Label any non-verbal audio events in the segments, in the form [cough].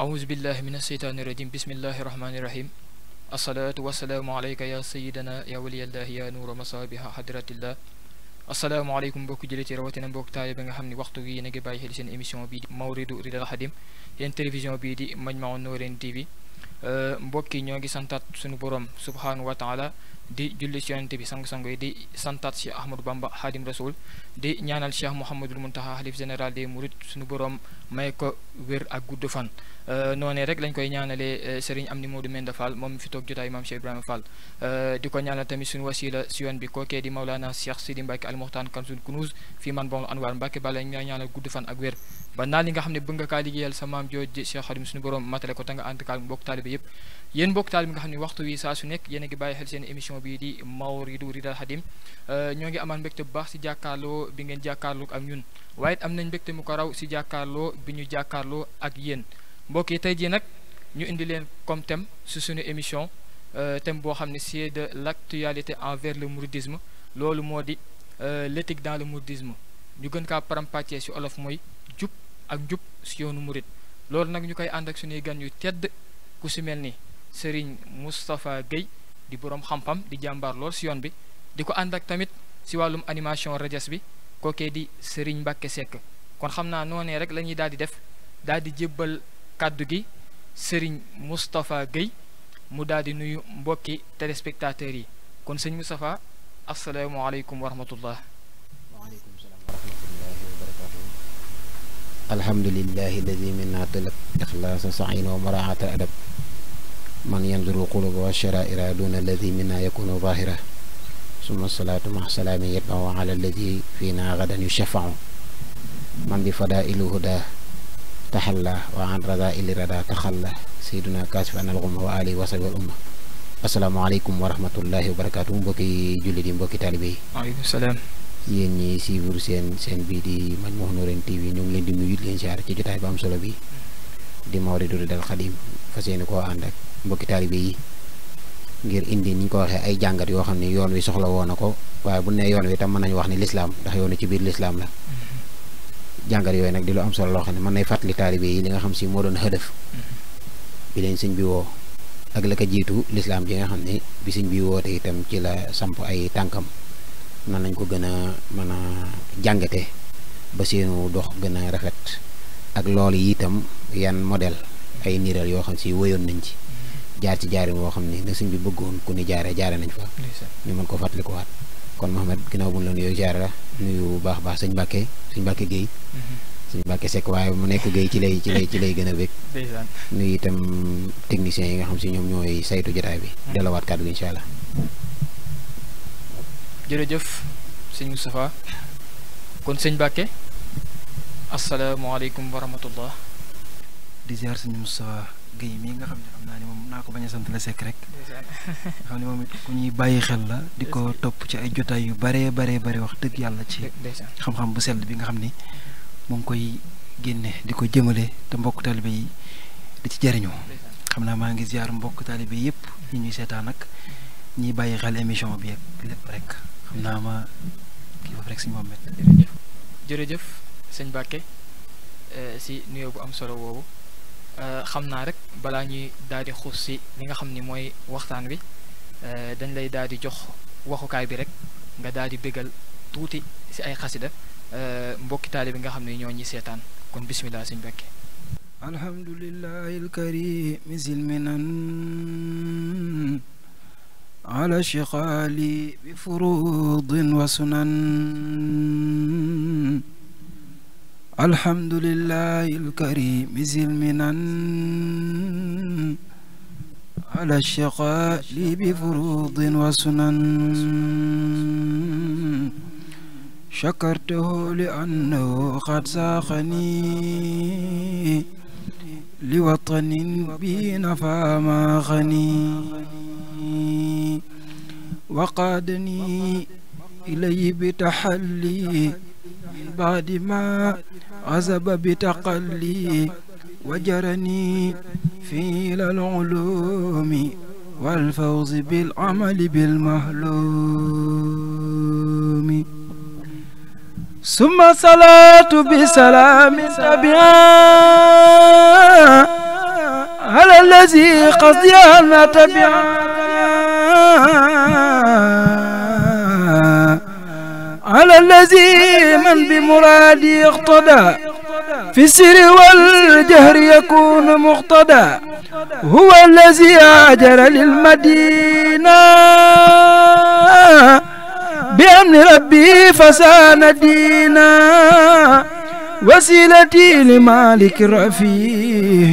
أعوذ بالله من الشيطان الرجيم بسم الله الرحمن الرحيم الصلاة والسلام عليك يا سيدنا يا ولي الله يا نور مصابيح حضرة الله asalaamaaleykum mbokki jëliti rawatina mbokk taale ba nga xam ne waxtu wi na ngi bàyyi xel seen émission bii Mawridu Ridal Xadim yéen télévision bii di Majmahun Nurayni TV euh, mbokk yi ñoo ngi santaat suñu borom subhaanahu wa taala di julli si yonente bi sang-sang yi di santaat Cheikh Ahmadou Bamba Xaadim Rasul di ñaanal Cheikh Mouhamadul Muntaha xalif général des Mourides suñu borom may ko wér ak Euh, noonee rek lañ koy ñaanalee euh, Serigne Amdi Modou Mende Fall moom fi toog jotaay maam Cheikh Ibrahima Fall euh, di ko ñaanal tamit suñu wasila si yoon bi kookee di Maulana Cheikh nga xam ne bëgg nga kaa liggéeyal sa maam jooju Cheikh Xadim suñu ko ta nga ànd kaal mbokk a ngi bàyyi xel seen émission bi di Mawridu Ridal Xadim ñoo ngi amaan mbégte bu baax si jàkkaarloo bi ngeen jàkkaarloo ak ñun waaye it am nañ mbégte mu ko raw si jàkkaarloo bi ñu jàkkaarloo ak yéen mbokk yi tey jii nag ñu indi leen comme thème si suñu émission euh, thème boo xam ne c'est de l'actualité envers le mouridisme loolu moo di euh, l'éthique dans le mouridisme ñu gën kaa parampàccee ci olof mooy jub ak jub si yoonu murid loolu nag ñu koy ànd ak suñuy gan yu tedd ku si mel ni Serigne Moustapha Guèye di boroom xampam di jàmbaar lool si yoon bi di ko ànd ak tamit si wàllum animation rajas bi kookee di Serigne Mbacke Seck kon xam naa noonee rek la ñuy daal di def kàddu gi sëriñ Moustapha Guèye mu daal di nuyu mbokki téléspectateurs yi kon sëñ Moustapha asalaamaaleykum wa rahmatullah. waaleykum salaam wa rahmatullahi wa barakatuh. alhamdulillahi alladi minna talab ixlaasa sain wa maraata adab man yanduru quluba wa sharaira duna alladi minna yakunu zahira summa salaatu ma salaami yatbahu ala alladi fiina gadan man bi fadaa ilu hudaa taxalla wa an rada ili rada taxalla sayduna kaasif an alguma wa alihi wa sabi wal umma asalaamaaleykum wa rahmatullahi wa barakatu mbokki jullit yi mbokki taalibé yi waaleykum salaam yéen ñi suivre seen seen bii di Majmahun Nurayni TV ñu ngi leen di nuyu leen siyaar ci jotaay bu am solo bi di Mawridu Ridal Xadim fas yéene ko ànd ak mbokki taalibé yi ngir indi ni ñu ko waxee ay jàngat yoo xam ne yoon wi soxla woon na ko waaye bu ne yoon wi tam mën nañu wax ni lislaam ndax yoonu ci biir lislaam la jàngat yooyu nag di lu am solo loo xam ne mën nay fàttali taalibe yi li nga xam si moo doon xëdëf bi leen sëñ bi woo ak la ko jiitu lislaam ji nga xam ne bi sëñ bi woote itam ci la samp ay tànkam nan lañ ko gën a mën a jàngate ba seenu dox gën a rafet ak lool loolu itam yan modèle ay niiral yoo xam si wéyoon nañ ci mm-hmm. jaar ci jaari moo xam ne na sëñ bi bëggoon ku ni jaare jaare nañ fa ñu mën ko fàttalikuwaat kon Mouhamed ginnaaw bu ñu la nuyoo la nuyu bu baax a baax sëñ Mbacke sañ Mbacke Guèye. Mhm. sëñ Mbacke Seck waaye mu nekk Guèye ci lay ci lay gën a bëgg. nuyu itam techniciens yi nga xam ci ñoom ñooy saytu jotaay bi. Mhm. delawaat kàddu gi incha allah. jërëjëf sëñ Moustapha kon sëñ Mbacke. asalaamaaleykum wa rahmatullah di ziar sëñ Moustapha. Guèye mii nga xam ne xam naa ne moom naa ko bañ a sant la sekk rek nga xam ne moom ku ñuy bàyyi xel la di ko topp ci ay jotaay yu baree baree bari wax dëgg yàlla ci xam-xam bu sell bi nga xam ni mm-hmm. mu ngi koy génne di ko jëmale te mbokk taalibe yi di ci jariñoo xam naa maa ngi ziar mbokk taalibe yëpp ñi ñuy seetaan ak ñiy bàyyi xel émission bi ak xam naa ma kii foofu rek si moom it sëñ Bakke eh, si solo woowu Euh, xam naa rek balaa ñuy daal di xuus si li nga xam ni mooy waxtaan wi euh, dañ lay daal di jox waxukaay bi rek nga daal di bégal tuuti si ay xasida euh, mbokki taali bi nga xam ne ñoo ñi seetaan kon bismillah suñ bekke alhamdulillahi alkarim zilminan ala shiqaali bi furudin wa الحمد لله الكريم ذي المنن على الشقاء بفروض وسنن شكرته لأنه قد ساقني لوطن بي نفع ما غني وقادني إليه بتحلي من بعد ما عزب بتقلي وجرني في العلوم والفوز بالعمل بالمهلوم ثم صلاة بسلام تبعا على الذي قصدي أن تبعا على الذي من بمرادي اقتدى في السر والجهر يكون مقتدى هو الذي هاجر للمدينة بأمن ربي فسان دينا وسيلتي لمالك رفيع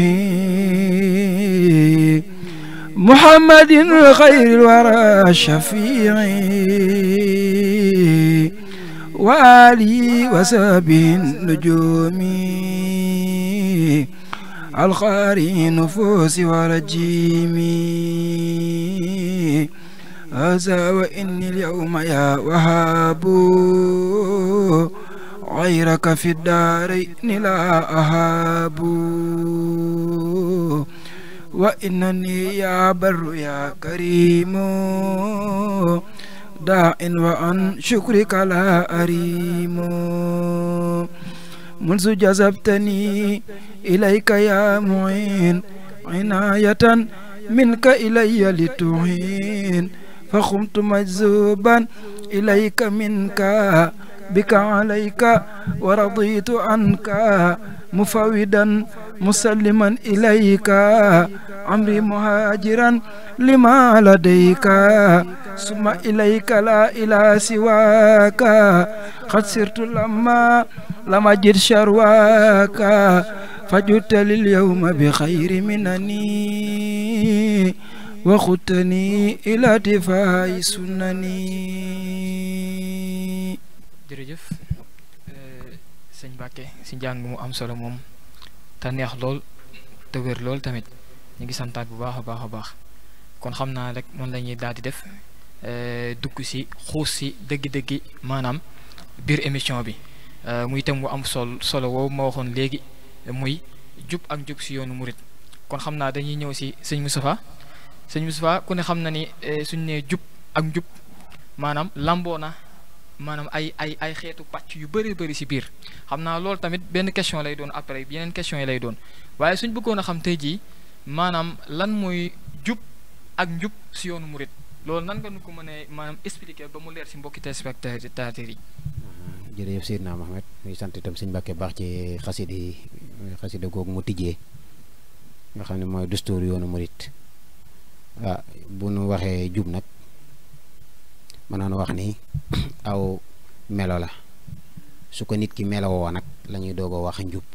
محمد خير الورى الشفيع وآلي وسبي نجومي الخاري نفوسي ورجيمي هذا وإني اليوم يا وهاب غيرك في الدارين لا أهاب وإنني يا بر يا كريم داع وعن شكرك لا أريم منذ جذبتني إليك يا معين عناية منك إلي لتعين فخمت مجذوبا إليك منك بك عليك ورضيت عنك مفودا مسلما إليك عمري مهاجرا لما لديك ثم إليك لا إله سواك قد سرت لما لما جد شرواك فجدت لليوم بخير منني وخدتني إلى دفاع سنني jërëjëf eh, sëñ Mbàkke si njàng mu am solo moom te neex lool te wér lool tamit ñu ngi santaat bu baax a baax a baax kon xam naa rek moom la ñuy daal di def Euh, dugg si xuus si dëgg-dëgg maanaam biir émission bi euh, muy itam mu am sol solo woowu ma waxoon léegi muy jub ak jub si yoonu murit kon xam naa dañuy ñëw si sëñ Moustapha sëñ Moustapha ku ne xam na ni euh, suñ nee jub ak njub maanaam lamboo na maanaam ay ay ay xeetu pàcc yu bari bari si biir xam naa loolu tamit benn question lay doon après yeneen question yi lay doon waaye suñ buggoon a xam tey jii maanaam lan mooy jub ak njub si yoonu murit loolu nan nga nu ko mënee maanaam expliquer ba mu leer si mbokkit mbokki téléspectateurs yi. Mm-hmm. jërëjëf Seydina Mohamed muy sant itam sëñ Mbàkke baax ci xasida yi xasida googu mu tijjee nga xam ne mooy dustuur yoonu marit waaw ah, bu nu waxee jub nag mën naa wax ni [coughs] aw melo la su ko nit ki melowoo nag lañuy ñuy doog wax njub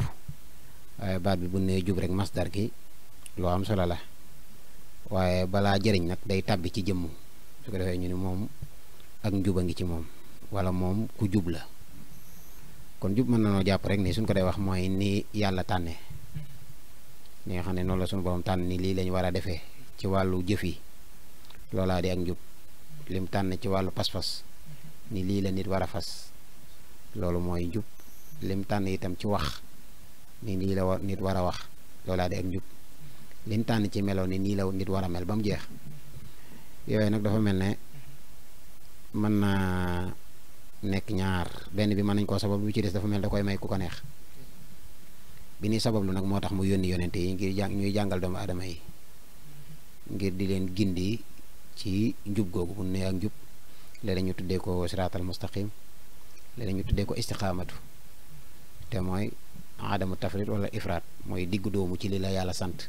waaye baat bi bu nee jub rek masdar gi loo am solo la. waaye balaa jëriñ nag day tàbbi ci jëmm su ko defee ñu ni moom ak njub a ngi ci moom wala moom ku jub la kon jub mën na noo jàpp rek ni suñ ko dee wax mooy nii yàlla tànne ni nga xam ne noonu la suñu borom tànn ni lii lañ war a defee ci wàllu jëf yi loolaa di ak lim tànn ci wàllu pas-pas lii la nit war a fas loolu mooy njub lim tànn itam ci wax ni lii la nit war a wax loolaa di ak njub liñ ci melow ni nii la nit war mel ba mu jeex yooyu nag dafa mel ne mën naa nekk ñaar benn bi mën nañ koo sabablu bu ci des dafa mel na koy may ku ko neex bi ni sabablu nag moo tax mu yónni yonente yi ngir jàng ñuy jàngal doomu aadama yi ngir di leen gindi ci njub googu bu ne ak njub léeg ñu tuddee ko siraatal mustaqim léeg ñu tuddee ko istiqaamatu te mooy aadamu tafrit wala ifraat mooy diggu doomu ci li la yàlla sant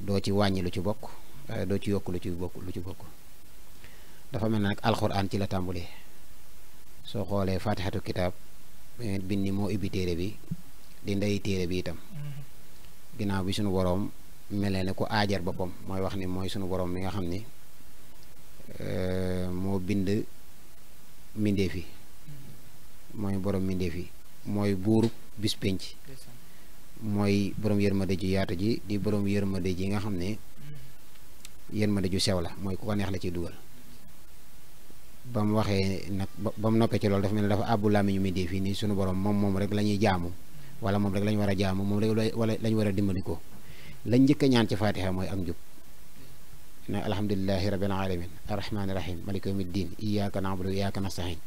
doo ci wàññi lu ci bokk doo ci yokk lu ci bokk lu ci bokk dafa mel nag alxuraan ci la tàmbulee soo xoolee fatihatu kitaab eh, binni moo ibbi téere bi di ndey téere bi itam mm-hmm. ginnaaw bi sunu boroom mel ne ku aajar boppam mooy wax ni mooy sunu boroom mi nga xam ni eh, moo bind mbindeef yi mm-hmm. mooy boroom mbindeef yi mooy buurub bis pénc mooy borom yërmande ju yaatu ji di borom yërmande ji nga xam ne yërmande ju sew la mooy ku ko neex la ciy dugal ba mu waxee nag ba mu noppee ci loolu dafa mel ne dafa àbbu ñu mi dee fii nii sunu borom moom moom rek la ñuy jaamu wala moom rek la ñu war a jaamu moom rek wala la ñu war a dimbali ko lañ njëkk ñaan ci faatiha mooy ak njub ne alhamdulilahi rabbil alamin arrahmani rahim maliki yawmi ddin iyyaka na'budu wa iyyaka nasta'in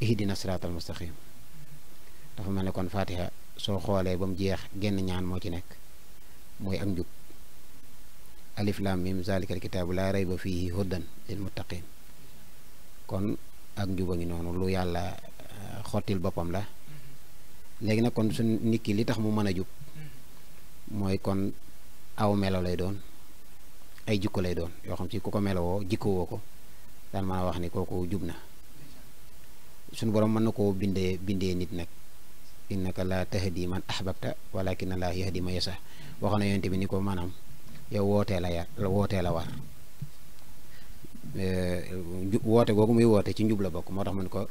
ihdina siratal mustaqim dafa mel ne kon faatiha soo xoolee ba mu jeex genn ñaan moo ci nekk mooy ak njub alif lam mim zalikal kitaabu laa rayba fiihi hudan lil muttaqin kon ak njub a ngi noonu lu yàlla euh, xottil boppam la léegi nag kon su nit ki li tax mu mën a jub mooy kon aw melo lay doon ay jikko lay doon yoo xam si ku ko melowoo jikkowoo ko daan mën a wax ni kooku jub na sunu borom mën na koo bindee bindee nit nag innaka laa tahdi man ahbabta walakin allah yahdi man yasha wax na yonent bi ni ko maanaam yow wootee la yar wootee la war euh, woote googu muy woote ci njub la bokk moo tax mu ne ko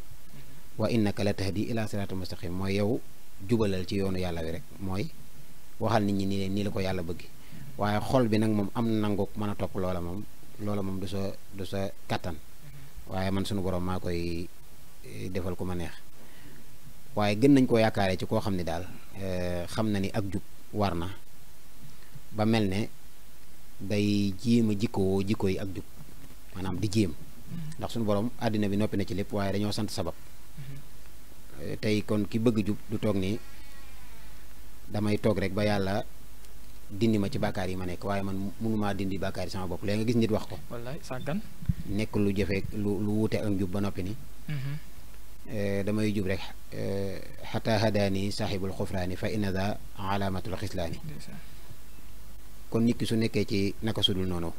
wa innaka la tahdi ila siraatul mustaqim mooy yow jubalal ci yoonu yàlla wi rek mooy waxal nit ñi nii nii la ko yàlla bëgg waaye xol bi nag moom am nangu mën a topp loola moom loola moom du sa du sa kattan waaye man sunu borom maa koy eh, defal ku ma neex waaye gën nañ koo yaakaaree ci koo xam ne daal eh, xam na ni ak jub war na ba mel ne day jéem a jikkoo jikko yi ak jub maanaam di jéem mm-hmm. ndax suñu borom àddina bi noppi na ci lépp waaye dañoo sant sabab mm-hmm. eh, tey kon ki bëgg jub du toog nii damay toog rek ba yàlla dindi ma ci bàkkaar yi ma nekk waaye man mënumaa dindi bàkkaar yi sama bopp léegi nga gis nit wax ko wallaay sàggan nekk lu jafe lu lu wuute ak jub ba noppi ni mm-hmm. Eh, damay jub rek xataa eh, hadaani saaxibul xufraani fa inna daa alaamatul xislaani kon nit ki su nekkee ci naka sudul noonu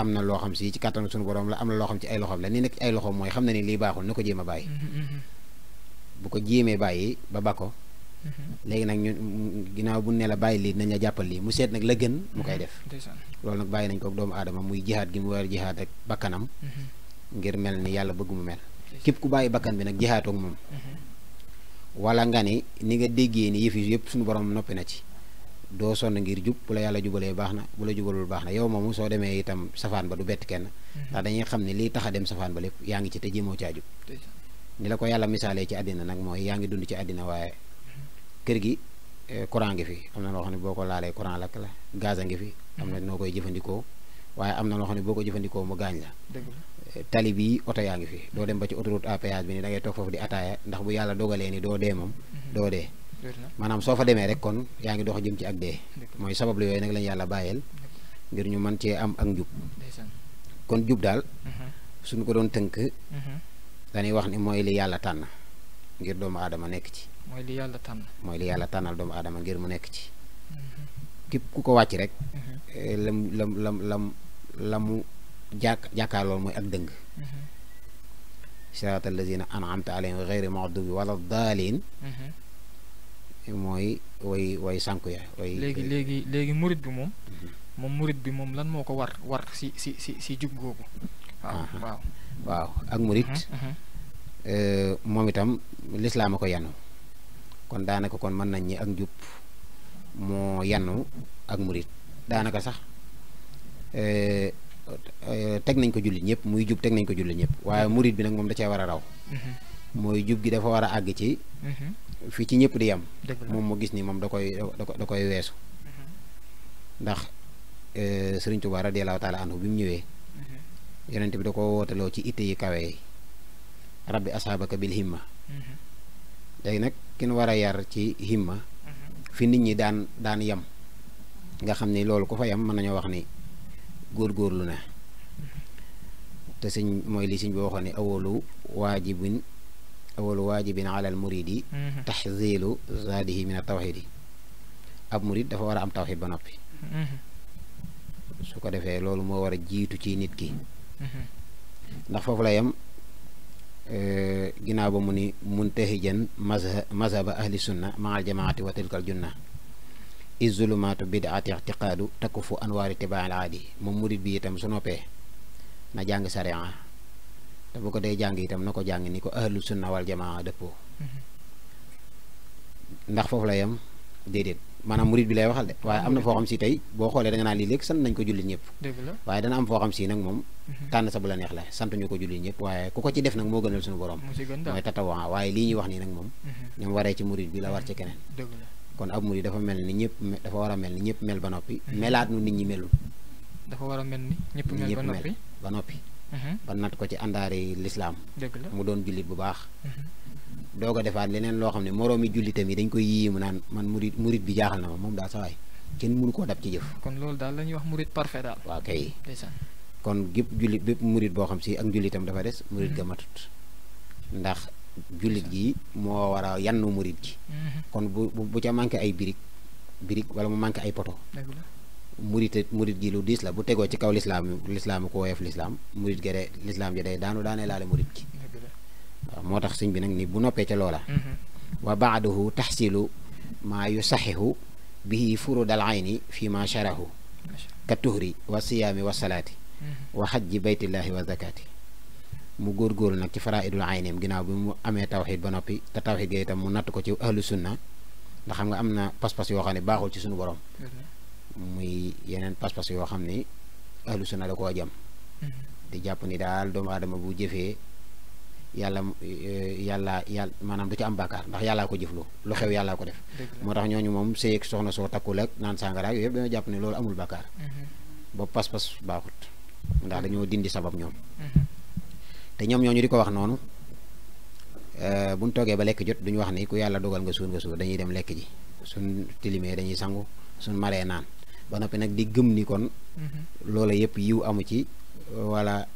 am na loo xam si ci kàttanu suñu borom la am na loo xam ci ay loxoom la ni nekk ay loxoom mooy xam na ni lii baaxul na ko jéem a bàyyi mm-hmm, mm-hmm. bu ko jéemee bàyyi ba ba mm-hmm. léegi nag ñu ginnaaw bu ne la bàyyi lii nañ la jàppal lii mu seet nag la gën mu koy def loolu nag bàyyi nañ ko doomu aadama muy jihaad gi mu war a jihaad ak bakkanam ngir mel ni yàlla bëgg mu mel képp ku bàyyi bakkan bi nag jihaatoog moom mm-hmm. wala nga ne ni nga déggee ni yëf yi yëpp suñu borom noppi na ci doo sonn ngir jub bu la yàlla jubalee baax na bu la jubalul baax na yaw moomu soo demee itam safaan ba du bett kenn mm-hmm. ndax dañuy xam ne lii tax a dem safaan ba lépp yaa ngi ci te jéemoo caa jub ni la ko yàlla misaalee ci àddina nag mooy yaa ngi dund ci àddina waaye mm-hmm. kër gi eh, courant ngi fi am na loo xam ne boo ko laalee courant lakk la gaz a ngi fi am na noo koy jëfandikoo waaye am na loo xam ne boo ko jëfandikoo mu gaañ la tali bii oto yaa ngi fi doo dem ba ci autoroute à bi ni da ngay toog foofu di ataaya ndax bu yàlla dogalee ni doo dee moom mhm. doo dee maanaam soo fa demee rek kon yaa ngi dox jëm ci ak dee mooy sabab la yooyu nag lañ yàlla bàyyeel ngir ñu mën cee am ak njub kon jub daal mhm. suñ ko doon tënk mhm. dañuy wax ni mooy li yàlla tànn doomu aadama nekk ci mooy li yàlla tànnal doomu aadama ngir mu nekk ci képp ku ko wàcc rek eh, lamu jàkk jàkkaarlool mooy ak dëng mm-hmm. siraatal lazina an'amta alayhim ghayri maghdubi wala daalin mm-hmm. mooy way bi moom mm-hmm. moom murit bi moom lan moo ko war war si si si si jub googu waaw uh-huh. ak murit eh, moom itam lislaam a ko yanu kon daanaka kon mën nañ ñi ak njub moo yanu ak murit daanaka sax eh, Euh, teg nañ ko jullit ñëpp muy jub teg nañ ko jullit ñëpp waaye murit bi nag moom da cee war a raw mm-hmm. mooy jub gi dafa war a àgg ci mm-hmm. fii ci ñëpp di yem moom mu gis ni moom da koy da koy weesu mm-hmm. ndax euh, sëriñ Tuubaa radiyallaahu taala anhu bi mu ñëwee yonent bi da ko wooteloo ci itte yi kawe yi rabbi asaabaka bil himma léegi nag kin war a yar ci himma fi nit ñi daan daan yem nga xam ni loolu ku fa yem mën nañoo wax ni góorgóorlu ne te sëñ mooy li sëñ bi waxoon ne awalu waajibin awalu waajibin alal muridi mhm. taxzilu zaadihi a at-tawxiid yi ab murid dafa war a am tawxiid ba noppi mhm. su ko defee loolu moo war a jiitu ci nit ki mhm. ndax foofu la yam eh, ginnaaw ba mu ni muntahijan mazhaba ahli sunna ma al jamaati wa tilkal junna izulumaatu bidaati ixtiqaadu takku fu anwaari tibaal aadi moom murit bi itam su noppee na jàng sariya te bu ko dee jàng itam na ko jàng ni ko ahlu sunna wal jamaa dëppoo mhm. ndax foofu la yem déedéet maanaam murit bi lay waxal de waaye am na foo xam si tey boo xoolee da nga naan lii léegi sant nañ ko jullit ñëpp waaye dana am foo xam si nag moom mhm. tànn sa bu la neex la sant ñu ko jullit ñëpp waaye ku ko ci def nag moo gënal suñu borom mooy tatawa waaye lii ñuy wax nii nag moom mhm. ñoom waree kon ab murid dafa mel ni ñëpp dafa war a mel ni ñëpp mel ba noppi. Mhm. melaat nu nit ñi melul. dafa war a mel ni ñëpp mel ba noppi ba noppi. Mhm. ba nat ko ci àndaare yi lislaam mu doon jullit bu baax. Mhm. doo ko defaat leneen loo xam ne moroomi jullitam yi dañ koy yii mu naan man murid murid bi jaaxal na ma moom daal sawaay kenn mënu koo dab ci jëf. kon loolu daal la ñuy wax murid parfait daal. waaw kay kon gépp jullit bépp murid boo xam si ak njullitam dafa des murid ga matut jullit gi moo war a yannu murit gi mm-hmm. kon bu bu ca manqué ay birig birig wala mu manqué ay poto murit murit gi lu diis la bu tegoo ci kaw lislaam lislaam ko woyof lislaam murit gi de lislaam ji day daanu daanee laale murit gi moo tax sëñ bi nag ni bu noppee ca loola mm-hmm. wa baadahu taxsilu maa yu saxihu bihi furud al ayni fi ma sharahu ka wa siyaami wa salaati mm-hmm. wa xajji baytillahi wa zakaati mu góorgóorlu nag ci faraaidul ayneem ginnaaw bi mu amee tawxid ba noppi te tawxid ga itam mu natt ko ci ahlu na ndax xam nga am na pas-pas yoo xam ne baaxul ci suñu borom mhm. muy yeneen pas-pas yoo xam ne ahlu sunna da koo jam mhm. di jàpp ni daal doomu aadama bu jëfee yàlla eh, yàlla yàlla maanaam du ci am bàkkaar ndax yàllaa ko jëflu lu xew yàllaa ko def moo tax ñooñu moom sëyeeg soxna soo takkul ak naan sàngara yooyu yëpp dañoo jàpp ne loolu amul bàkkaar mhm. ba pas-pas ndax dañoo dindi sabab ñoom te ñoom ñoo ñu di ko wax noonu euh, buñ toogee ba lekk jot duñu wax ni ku yàlla dogal nga suur nga suur dañuy dem lekk ji suñ tilimee dañuy sangu suñ maree naan ba noppi nag di gëm ni kon mm-hmm. loola yëpp yiw amu ci wala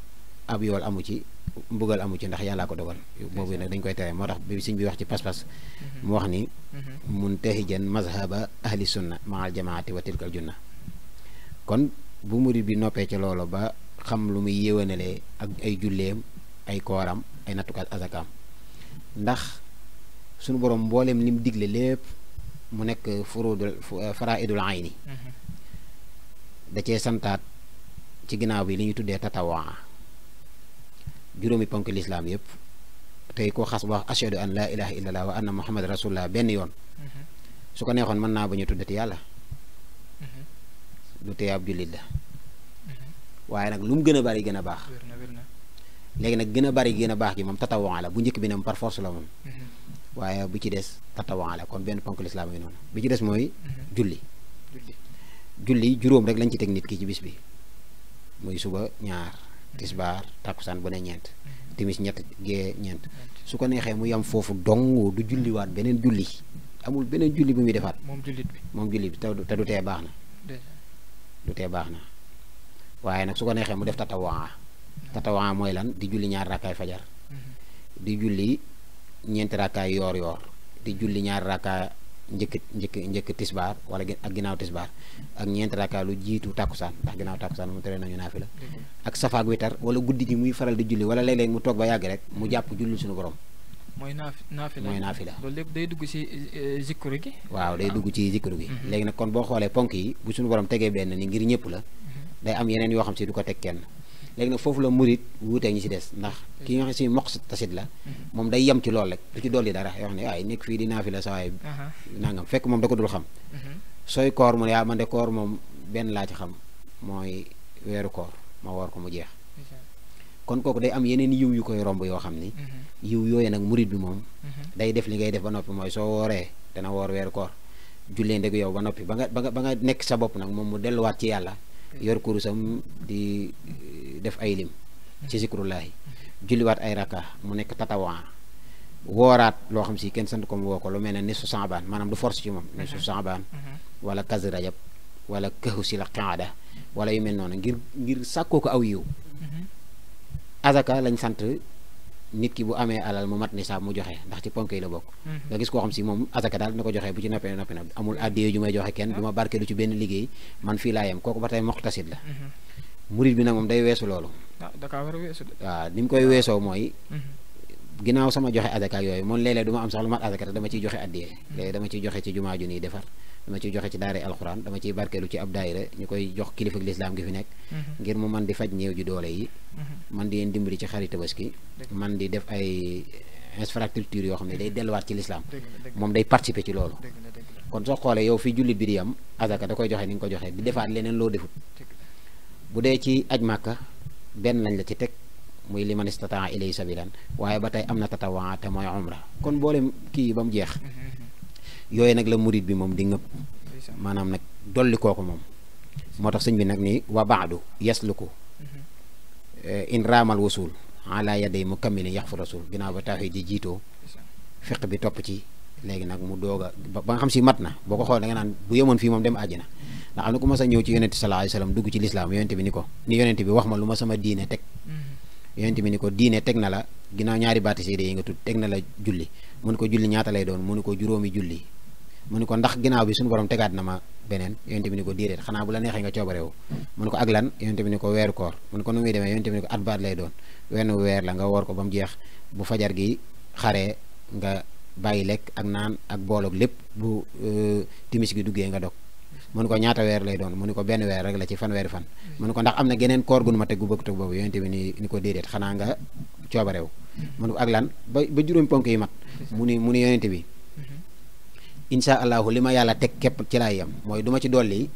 ab yool amu ci mbugal amu ci ndax yàllaa ko dogal boobu nag dañ koy tere moo tax bi siñ bi wax ci pas-pas mm-hmm. mu wax ni mm-hmm. mun tahijan mazhaba ahli sunna maal jamaati wa tilkal junna kon bu murid bi noppee ci loolu ba xam lu muy yéwénalee ak ay julleem ay kooram ay nattukaat azakaam ndax sunu borom mbooleem lim digle lépp mu nekk furudul faraidul eh, ayni mm-hmm. da cee santaat ci ginnaaw bi li ñu tuddee tatawaa juróomi ponk lislaam yépp tey ko xas wax ashhadu an laa ilaha illallah wa anna muhammad rasulullah benn yoon mm-hmm. su ko neexoon mën naa ba ñu tuddati yàlla mm-hmm. du tey jullit la waaye nag lu gën a bari gën a baax léegi nag gën a bari gën a baax gi moom tatawaan la bu njëkk bi ne moom par la moom mm-hmm. waaye bu ci des tatawaan la kon benn ponk lislaam yi noonu bi ci des mooy mm-hmm. julli juróom rek lañ ci teg nit ki ci bis bi muy suba ñaar mm-hmm. tisbaar takkusaan bu ne ñeent timis ñett gee ñeent su ko neexee mu yam foofu dong du julliwaat beneen julli amul beneen julli bu muy defaat moom jullit bi moom jullit bi te du tee baax na du tee baax na waaye nag su ko neexee mu def tatawaan tatawaan mooy lan di julli ñaar rakkaay fajar mm-hmm. di julli ñeenti rakkaay yoor yoor di julli ñaar rakkaay njëkk njëkk njëkk tisbaar wala ak ginnaaw tisbaar ak ñeenti rakkaay lu jiitu tàkkusaan ndax ginnaaw tàkkusaan mu tere nañu naafi la mm-hmm. ak safaak witar wala guddi gi muy faral di julli wala léeg-léeg mu toog ba yàgg rek mu jàpp julli suñu borom mooy naafi naafi la mooy naafi la lépp day dugg ci e, e, zikru gi waaw day ah. dugg ci zikru gi mm-hmm. léegi nag kon boo xoolee ponk yi bu suñu borom tegee benn ni ñëpp la day am léegi nag foofu la murit wuutee ñi ci des ndax ki nga xam si moq tasit la mhm. moom day yem ci loolu rek du ci dolli dara yoo xam ne waaye nekk fii di naafi la sawaay nangam fekk moom da ko dul xam mhm. sooy koor mu ne yaa ah, man de ko mu jeex kon kooku yiw yu koy romb yoo xam ni mhm. yiw yooyu nag murit bi moom day def li ngay def ba noppi mooy soo wooree dana woor weeru koor jullee ndegu yow ba noppi ba nga ba nga ba nga nekk sa bopp nag moom mu delluwaat ci yàlla yor kurusam di def ay lim ci zikrullahi julliwaat ay raka mu nekk tatawaan wooraat loo xam si kenn sant ko mu woo ko lu mel ne nisfu saabaan maanaam du force ci moom nisfu mhm. saabaan mhm. wala kazu rajab wala këhu si la qaada wala yu mel noonu ngir ngir sàkkoo ko aw yiw mhm. azaka lañ sant nit ki bu amee alal mu mat nisaab mu joxe ndax ci ponk la bokk nga gis koo xam si moom azaka daal dina ko joxe bu ci noppee noppi na amul addiyo ju may joxe kenn du ma ah. barkeelu ci benn liggéey man fii laa yem kooku ba murit bi nag moom day weesu loolu. ah war a weesu de. waaw ni mu koy weesoo mooy. Mhm. ginnaaw sama joxe azaka yooyu moom léeg-léeg am sax lu mat azaka dama ciy joxe addiye léegi dama ciy joxe ci jumaa ju nii defar dama ciy joxe ci daare alxuraan dama ciy barkeelu ci ab daayira ñu koy jox kilifa ak lislaam gi fi nekk mhm. ngir mu man di faj néew ju doole mhm. man di leen dimbali ci xari tabaski man di def ay infrastructure yoo xam ne day delluwaat ci lislaam moom day participer ci loolu kon soo xoolee yow fi jullit bi di am azaka da koy joxe ni nga ko joxe di defaat leneen loo defut bu dee ci aj màkka benn lañ la ci teg muy liman istataa ilay sabilan waaye ba tey am na tatawaa te mooy umra kon boole kii ba mu jeex yooyu nag la murit bi moom di ngëpp maanaam nag dolli kooku moom moo tax sëñ bi nag ni wa baadu ko eh, in raamal wusul ala yaday mu kammili yax fu rasul ginaaw ba tawxid di jiitoo fiq bi topp ci léegi nag mu doog a ba nga xam si mat na boo ko xool da nga naan bu yemoon fii moom dem àjjana ndax am na ku mas a ñëw ci yonente sallallahu alayhi wasallam dugg ci lislaam yonente bi ni ko ni yonente bi wax ma lu ma sama diine teg mm-hmm. yonente bi ni ko diine teg na la ginnaaw ñaari baati seede yi nga tudd teg na la julli mu ko julli ñaata lay doon mu ko juróomi julli mu ni ko ndax ginnaaw bi suñu borom tegaat na ma beneen yonente bi ni ko déedéet xanaa bu la neexee nga coobarewu mu ni ko ak lan yonente bi ni ko weeru koor mu ni ko nu muy demee yonente bi ni ko at baat lay doon wenn weer la nga woor ko ba jeex bu fajar gi xaree nga bàyyi lekk ak naan ak booloog lépp bu euh, timis gi duggee nga dog mu ne ko ñaata weer lay doon mu ne ko benn weer rek la ci fanweeri fan mu ne ko ndax am na geneen koor gu nu ma teg gu bëgg teg boobu yonente bi ni ko déedéet xanaa nga coobareew mu ne ko ak lan ba ba juróomi ponk yi mat mu ni mu ni bi incha allahu li ma yàlla teg képp ci laay yam mooy du ma ci dolli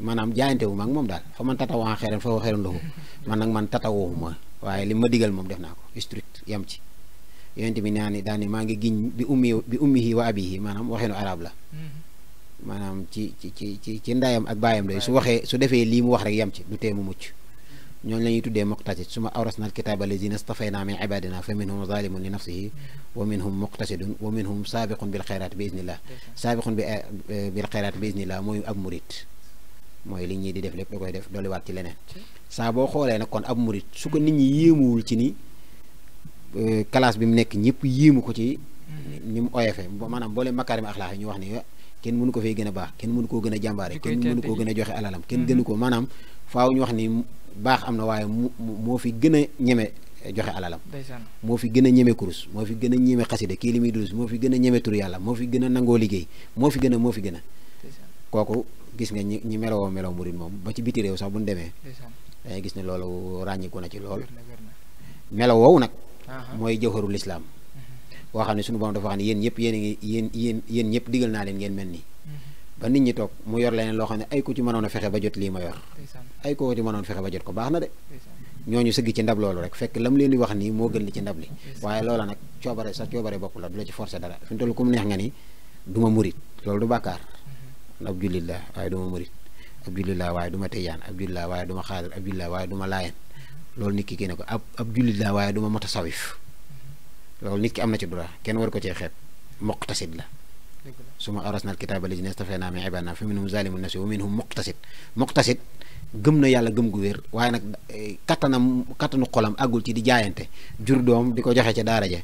maanaam jaayante wu ma moom daal fa man tatawaa xeeran fa xeeran lahu man nag man tatawoowu ma waaye li ma digal moom def naa ko strict ci yonente bi naa ni daani maa ngi giñ bi bi ummihi wa abihi maanaam waxeenu arab la maanaam ci ci ci ci ndayam ak baayam lay su waxee su defee lii mu wax rek yam ci du tee mu mucc ñooñu lañuy tuddee muqtasid suma awrasna alkitaaba lazina stafayna min ibadina fa minhum zalimun li nafsihi wa minhum muqtasidun wa minhum saabiqun bil xayraat bi iznillah saabiqun bi eh, bil xayraat mooy ab murit mooy li ñii di def lépp da koy def dolliwaat ci leneen saa boo xoolee nag kon ab murit su ko nit ñi yéemuwul ci ni eh, classe bi mu nekk ñëpp yéemu ko ci ni mu oyefe maanaam boole makaarim axlaax yi ñu wax ni kenn mënu ko fee gën a baax kenn mënu koo gën a jàmbaare kenn mënu koo gën a joxe alalam kenn mhm. gënu ko maanaam faaw ñu wax ni baax am na waaye mu moo fi gën a ñeme joxe alalam moo fi gën a ñeme kurus moo fi gën a ñeme xasida kii li muy durus moo fi gën a ñeme tur yàlla moo fi gën a nangoo liggéey moo fi gën a moo fi gën a kooku gis nga ñi ñi melowoo melow murit moom ba ci biti réew sax bu ñu demee dangay gis ne loolu ràññiku na ci lool melow woowu nag mooy jawharul islaam boo xam ne suñu borom dafa wax ne yéen ñëpp yéen a ngi yéen yéen yéen ñëpp digal naa leen ngeen mel nii mhm. ba nit ñi toog mu yor leneen loo xam ne ay ku ci mënoon a fexe ba jot lii ma yor ay ko ci mënoon fexe ba jot ko baax na de ñooñu sëgg ci ndab loolu rek fekk lam leen di wax nii moo gën li ci ndab li waaye loola nag coobare sa coobare bopp la du la ci forcer dara fi mu toll ku mu neex nga ni du ma murit loolu du bàkkaar mhm. ab jullit la waaye du ma murit ab jullit la waaye du ma tijaan ab jullit waaye du ma xaadir ab jullit waaye du ma laayeen mhm. ki génne ko ab ab jullit waaye du ma motasawif loolu nit ki am na ci droit kenn war ko cee xeeb muqtasid la suma arasnal kitaaba lazina stafayna min ibaadinaa fa minhum na yàlla gëm gu wér waaye nag eh, kattanam kattanu xolam àggul ci di jaayante jur doom di ko joxe ca daara ja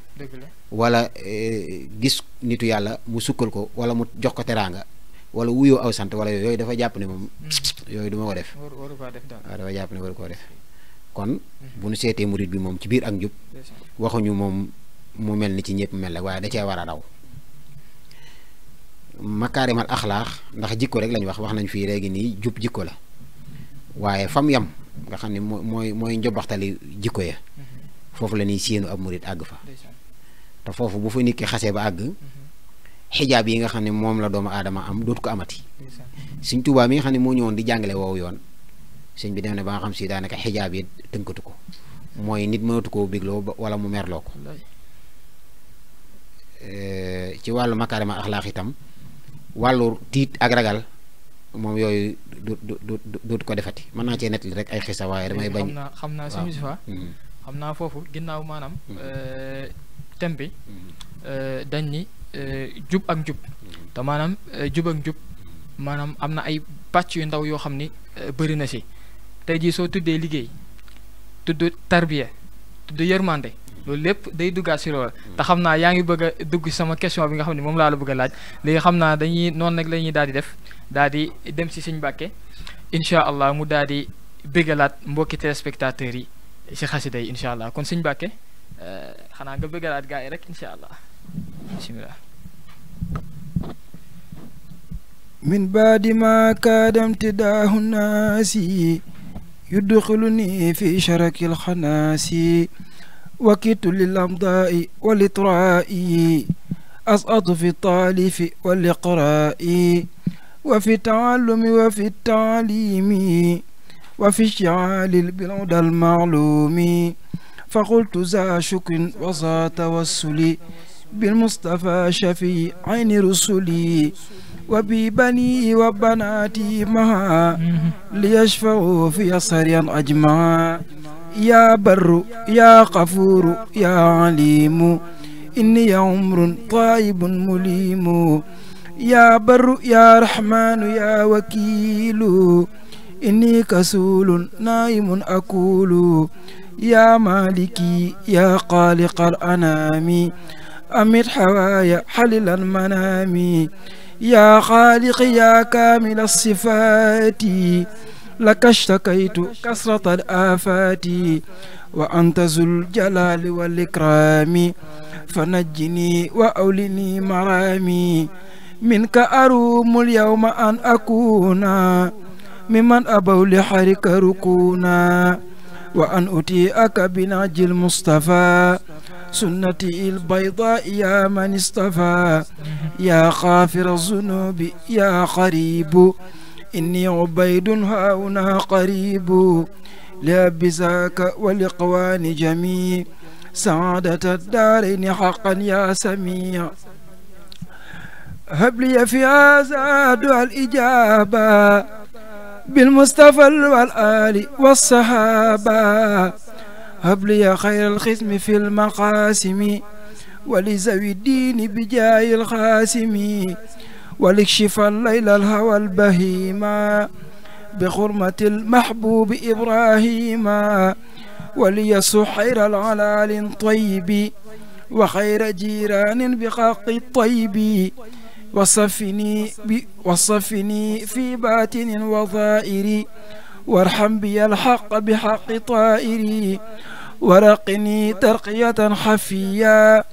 wala eh, gis nitu yàlla mu sukkal ko wala mu jox ko teraanga wala wuyoo aw sant wala yooyu dafa jàpp ne moom mm. yooyu du ko def waaw dafa jàpp ne waru koo def mm. moom ci biir ak njub waxuñu moom mu mel ni ci ñëpp mel rek waaye da cee war a raw makaarimal axlaax ndax jikko rek lañ wax wax nañ fii léegi nii jub jikko la waaye fam yam nga xam ne mooy mooy njobaxtali jikko ya mm-hmm. foofu la ñuy séenu ab murit àgg fa te foofu bu fa nit ki xasee ba àgg mm-hmm. xijaab yi nga xam ne moom la doomu aadama am dootu ko amati suñ tubaab mi nga xam ne moo ñëwoon di jàngale woowu yoon sëñ bi dem ne ba nga xam si daanaka xijaab yi tënkatu ko mm-hmm. mooy nit mënatu koo bégloo mu merloo Eh, ci wàllu makaarima axlaax itam wàllu tiit ak ragal moom yooyu du du du du ko defati mën naa cee nettali rek ay xisa waaye damay bañ. xam naa xam naa suñu fa mm-hmm. xam naa foofu ginnaaw maanaam. Mm-hmm. Eh, thème bi mm-hmm. eh, dañ ni jub ak njub te maanaam jub ak njub maanaam am na ay pàcc yu ndaw yoo xam ni bëri na si tey jii soo tuddee liggéey tudd tarbiya loolu lépp day duggaat si loolu te xam naa yaa ngi bëgg dugg sama question bi nga xam ne moom laa la bëgg a laaj léegi xam naa dañuy noonu nag lañuy daadi def daal di dem si sëñ Mbàkke incha allah mu daal di bëggalaat mbokki téléspectateurs yi si xasida yi incha allah kon sëñ Mbàkke euh, xanaa nga bëggalaat gaa yi rek incha allah bisimilah من بعد ما كاد امتداه الناس يدخلني في شرك الخناس وكدت للأمضاء والإطراء أسقط في الطالف والإقراء وفي التعلم وفي التعليم وفي الشعال بالعود المعلوم فقلت ذا شك وذا توسل بالمصطفى شفي عين رسلي وبي بني وبناتي معا ليشفعوا في سريا أجمعا يا بر يا غفور يا عليم إني عمر طائب مليم يا بر يا رحمن يا وكيل إني كسول نائم أقول يا مالكي يا خالق الأنام أمت حوايا حلل المنام yaa xaaliqi yaa kaamila sifaati laka shtakaytu kasrata al aafaati wa anta zul jalaali wal ikraami fa najjini wa awlini maraami minka aruumul yawma an akuuna mimman abaw li xarika rukuuna وأن أتيئك بنهج المصطفى سنتي البيضاء يا من اصطفى يا غافر الذنوب يا قريب إني عبيد هاهنا قريب لأبزاك ولإقوان جميع سعادة الدارين حقا يا سميع هب لي في هذا دعاء الإجابة بالمصطفى والآل والصحابة هب لي خير الختم في المقاسم ولزوي الدين بجاي الخاسم ولكشف الليل الهوى البهيما بخرمة المحبوب إبراهيم وليسحر العلال طيب وخير جيران بحق الطيب وصفني وصفني في باتن وظائري وارحم بي الحق بحق طائري ورقني ترقية حفية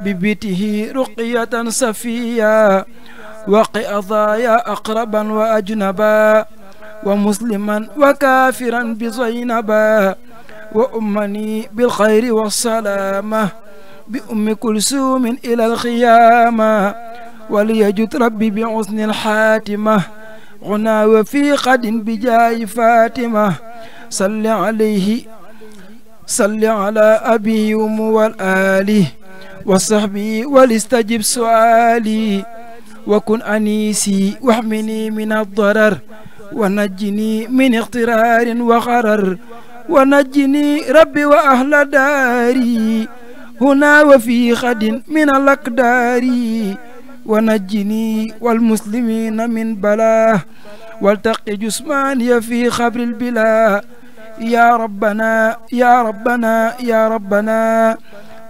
ببيته رقية سفية وقي أضايا أقربا وأجنبا ومسلما وكافرا بزينبا وأمني بالخير والسلامة بأم كلثوم إلى الخيامة وليجد ربي بحسن الحاتمة غنى وفي قد بجاي فاتمة صل عليه صل على أبي وم والآله وصحبي وليستجب سؤالي وكن أنيسي واحمني من الضرر ونجني من اغترار وغرر ونجني ربي وأهل داري هنا وفي خد من الأقدار ونجني والمسلمين من بلاه والتقي جسماني في خبر البلا يا ربنا يا ربنا يا ربنا